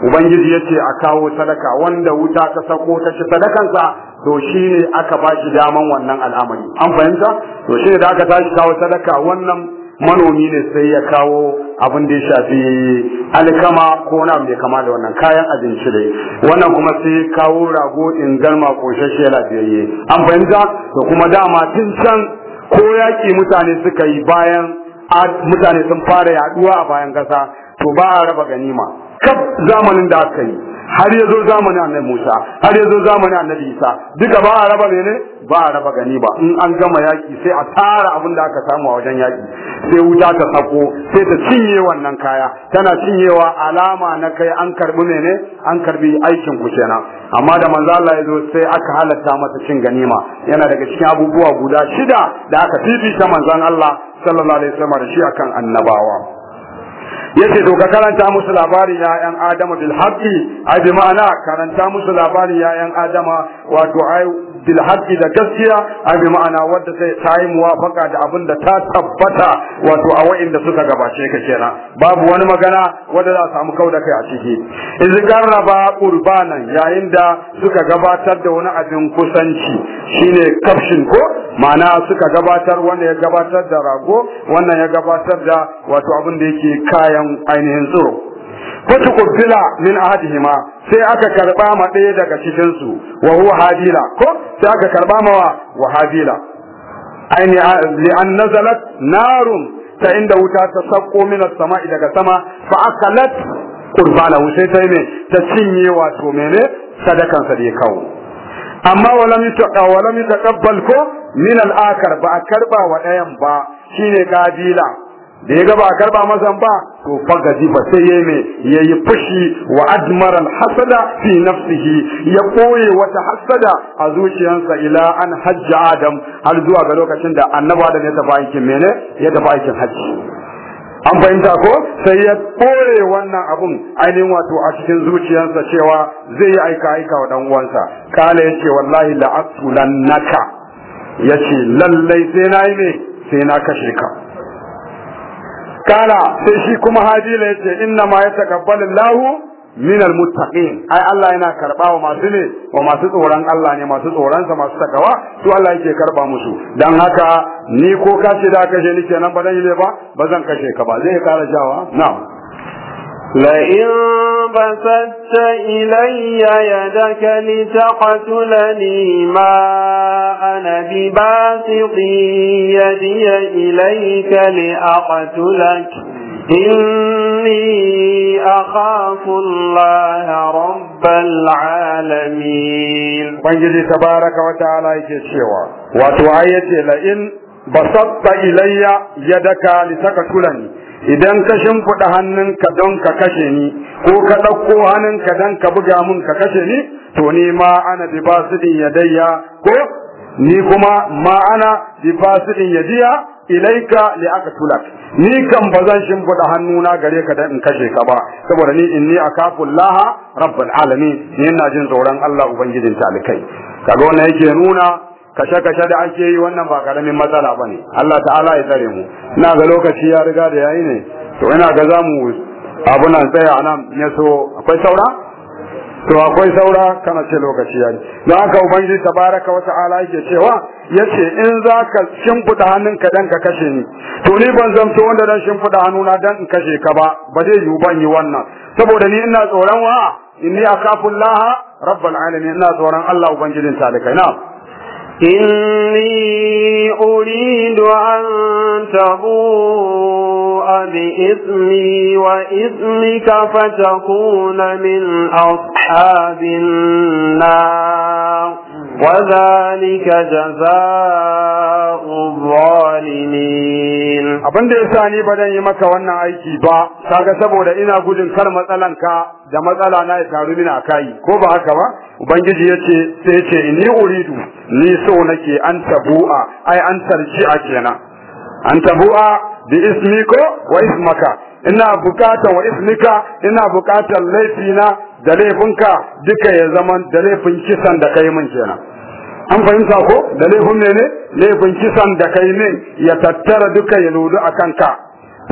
ubangiji ya ce a kawo sadaka wanda wuta ta sako ta ci sadakansa to shi ne aka ba shi daman wannan al'amari an fahimta to shi ne da aka tashi kawo sadaka wannan manomi ne sai ya kawo abin da ya shafi alkama ko na mai kama da wannan kayan abinci dai wannan kuma sai kawo rago in ingalma koshashe lafiyayye an fahimta to kuma dama tun can ko yaƙi mutane suka yi bayan mutane sun fara yaduwa a bayan kasa to ba a raba ganima kaf zamanin da aka yi har yazo zo zamanin annabi Musa har yazo zo zamanin annabi Isa duka ba a raba mene ba a raba gani ba in an gama yaki sai a tara abin da aka samu a wajen yaki sai wuta ta sako sai ta cinye wannan kaya tana cinyewa alama na kai an karbi mene an karbi aikin ku kenan amma da manzo Allah ya sai aka halatta masa cin ganima yana daga cikin abubuwa guda shida da aka fifita manzon Allah sallallahu alaihi wasallam da shi akan annabawa yace to ka karanta musu labarin yayan adama bil haqqi ai bi ma'ana karanta musu labarin yayan adama wato ai bil haqqi da gaskiya a bi ma'ana wadda ta yi muwafaka da abin da ta tabbata wato a da suka gabace ka kenan babu wani magana wadda za a samu kauda kai a ciki iz raba ƙurbanan yayin da suka gabatar da wani abin kusanci shine kafshin ko ma'ana suka gabatar wanda ya gabatar da rago wannan ya gabatar da wato abin da yake kayan ainihin tsoro fatu kubila min ahadihima sai aka karba ma ɗaya daga cikin su wa huwa hadila ko sai aka karba ma wa hadila aini li an nazalat narun ta inda wuta ta sakko min as-sama'i daga sama fa akalat qurbana sai sai ne ta cinye to mene sadakan sa da kawo amma wala mi ta qabbal ko min al-akar ba karba wa ɗayan ba shine kabila da ya gaba karba masa ba to fa gaji ba sai yayi ya yayi fushi wa admara hassada hasada fi nafsihi ya ɓoye wata hasada a zuciyarsa ila an hajja adam har zuwa ga lokacin da da da ya tafi aikin mene ya tafi aikin hajji an fahimta ko sai ya kore wannan abun ainihin wato a cikin zuciyarsa cewa zai yi aika aika wa dan uwansa kala yace wallahi la asulannaka yace lallai sai nayi yi sai na kashe ka kala sai shi kuma hajila yace inna ma yataqabbalu Allahu min almuttaqin ai Allah yana karba wa masu ne wa masu tsoron Allah ne masu tsoron sa masu takawa to Allah yake karba musu dan haka ni ko ka da kashe ni kenan ba dan yi ba bazan kashe ka ba zai kara jawa na'am لئن بسدت إلي يدك لتقتلني ما أنا بباسط يدي إليك لأقتلك إني أخاف الله رب العالمين بنجي تبارك وتعالى يجسيوا وتعيد لئن بسطت إلي يدك لتقتلني idan ka shimfiɗa hannunka don ka kashe ni ko ka ɗauko hannunka don ka buga mun ka kashe ni to ni ma ana bi basidin yadayya ko ni kuma ma ana bi basidin yadiya ilaika li aqtulak ni kan zan shimfiɗa hannuna gare ka don in kashe ka ba saboda ni inni akafu laha rabbul alamin ni ina jin tsoron Allah ubangijin talikai kaga wannan yake nuna kashe-kashe da ake yi wannan ba karamin matsala ba ne Allah ta'ala ya tsare mu ina ga lokaci ya riga da yayi ne to ina ga za mu nan tsaya nan ya so akwai saura to akwai saura kana ce lokaci ya yayi don haka ubangiji tabaraka wa ta'ala yake cewa yace in za ka shimfida hannunka dan ka kashe ni to ni ban zamto wanda dan shimfida hannuna dan in kashe ka ba ba zai yiwu ban yi wannan saboda ni ina tsoron wa inni Laha, Allah rabbul alamin ina tsoron Allah ubangijin talikai na'am إني أريد أن تبوء بإثمي وإثمك فتكون من أصحاب النار وذلك جزاء الظالمين abin da yasa ni ba dan yi maka wannan aiki ba kaga saboda ina gudun kar matsalan ka da matsala na ya taru mina kai ko ba haka ba ubangiji yace sai yace ni uridu ni so nake an tabu'a ai an tarji'a kenan an tabu'a bi ismiko wa ismaka ina bukatan wa ismika ina laifi laifina da laifinka duka ya zama da laifin kisan da kai min kenan an fahimta ko da laifin mene laifin kisan da kai ne ya tattara duka ya lodu a kanka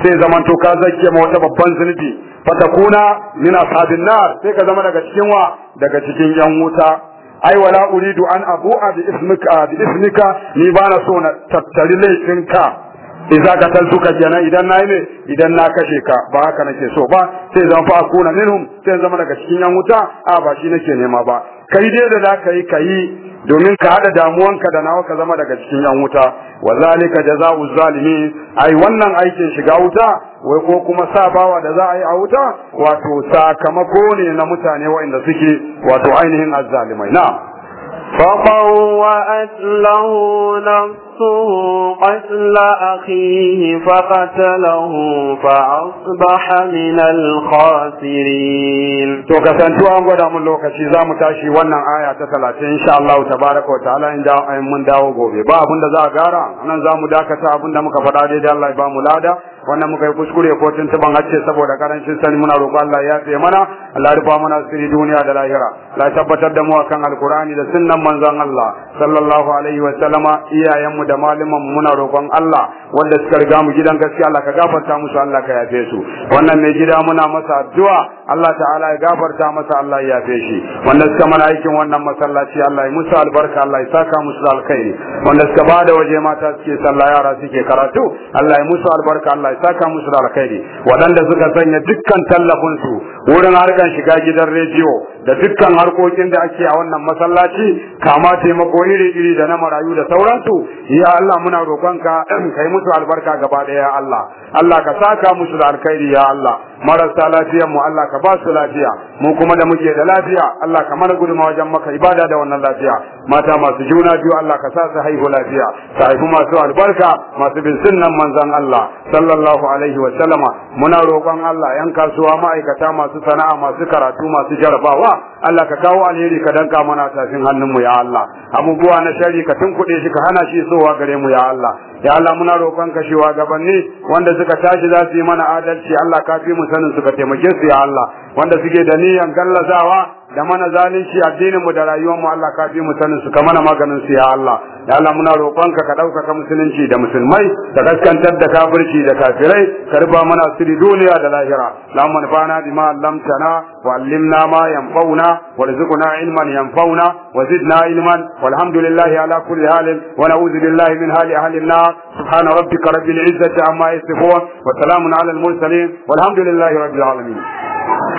sai zaman to ka ma wata babban zunubi fatakuna min ashabin nar sai ka zama daga cikin wa daga cikin yan wuta ai wala uridu an abu'a bi ismika bi ismika ni ba na so na tattari laifinka idza ka jana idan nayi ne idan na kashe ka ba haka nake so ba sai zan fa kuna minhum sai zama daga cikin yan wuta a ba shi nake nema ba kai dai da za ka yi ka yi domin ka haɗa damuwanka da nawa ka zama daga cikin yan wuta wa zalika jazaa'u zalimi ai wannan aikin shiga wuta wai ko kuma sa bawa da za a yi a wuta wato sakamako ne na mutane waɗanda suke wato ainihin azzalimai na fa qawwa lahu أخته قتل أخيه فقتله فأصبح من الخاسرين to kasantu an gwada mun lokaci za mu tashi wannan aya ta talatin insha Allah tabaraka wa ta'ala in da mun dawo gobe ba abinda za a gara anan za mu dakata da muka faɗa daidai Allah ya lada wannan muka yi kuskure ko tuntuban hacce saboda karancin sani muna roƙo Allah ya tsaye mana Allah rufa mana sirri duniya da lahira la tabbatar da mu akan alkurani da sunnan manzan Allah sallallahu alaihi wa sallama iyayen mu da malaman muna roƙon Allah wanda suka riga mu gidan gaskiya Allah ka gafarta musu Allah ka yafe su wannan mai gida muna masa addu'a Allah ta'ala ya gafarta masa Allah ya yafe shi wanda suka mana aikin wannan masallaci Allah ya musu albarka Allah ya saka musu alkhairi wanda suka bada waje mata suke sallah yara suke karatu Allah ya musu albarka Allah ya saka musu alkhairi waɗanda suka sanya dukkan tallafin su wurin harkan shiga gidan rediyo da dukkan harkokin da ake a wannan masallaci kama taimako iri-iri da na marayu da sauransu ya Allah muna roƙonka <clears throat> kai musu albarka gaba ɗaya ya Allah Allah ka saka musu da alkhairi ya Allah marasa lafiyar mu Allah ka ba su lafiya mu kuma da muke da lafiya Allah ka mana gudunma wajen maka ibada da wannan lafiya mata masu juna biyu Allah ka sa su haihu lafiya ta haifi masu albarka masu bin sunnan manzon Allah sallallahu alaihi wa sallama muna roƙon Allah yan kasuwa ma'aikata masu sana'a masu karatu masu jarabawa Allah ka kawo alheri ka danka mana tafin hannun mu ya Allah abubuwa na shari ka tunkuɗe shi ka hana shi sowa gare mu ya Allah ya Allah muna roƙon ka shewa gabanni wanda suka tashi za su yi mana adalci Allah ka fi mu sanin suka taimake su ya Allah wanda suke da niyan gallazawa da mana zalunci addinin mu da rayuwar mu Allah ka fi mu sanin su ka mana maganin su ya Allah da Allah muna roƙonka ka ɗaukaka musulunci da musulmai da gaskantar da kafirci da kafirai ka rufa mana siri duniya da lahira lamma nafana bima allamtana wa allimna ma yanfa'una warzuqna ilman yanfa'una wa zidna ilman walhamdulillahi ala kulli halin wa na'udzu billahi min hali ahli an-nar subhana rabbika rabbil izzati amma yasifun wa salamun ala al-mursalin walhamdulillahi rabbil alamin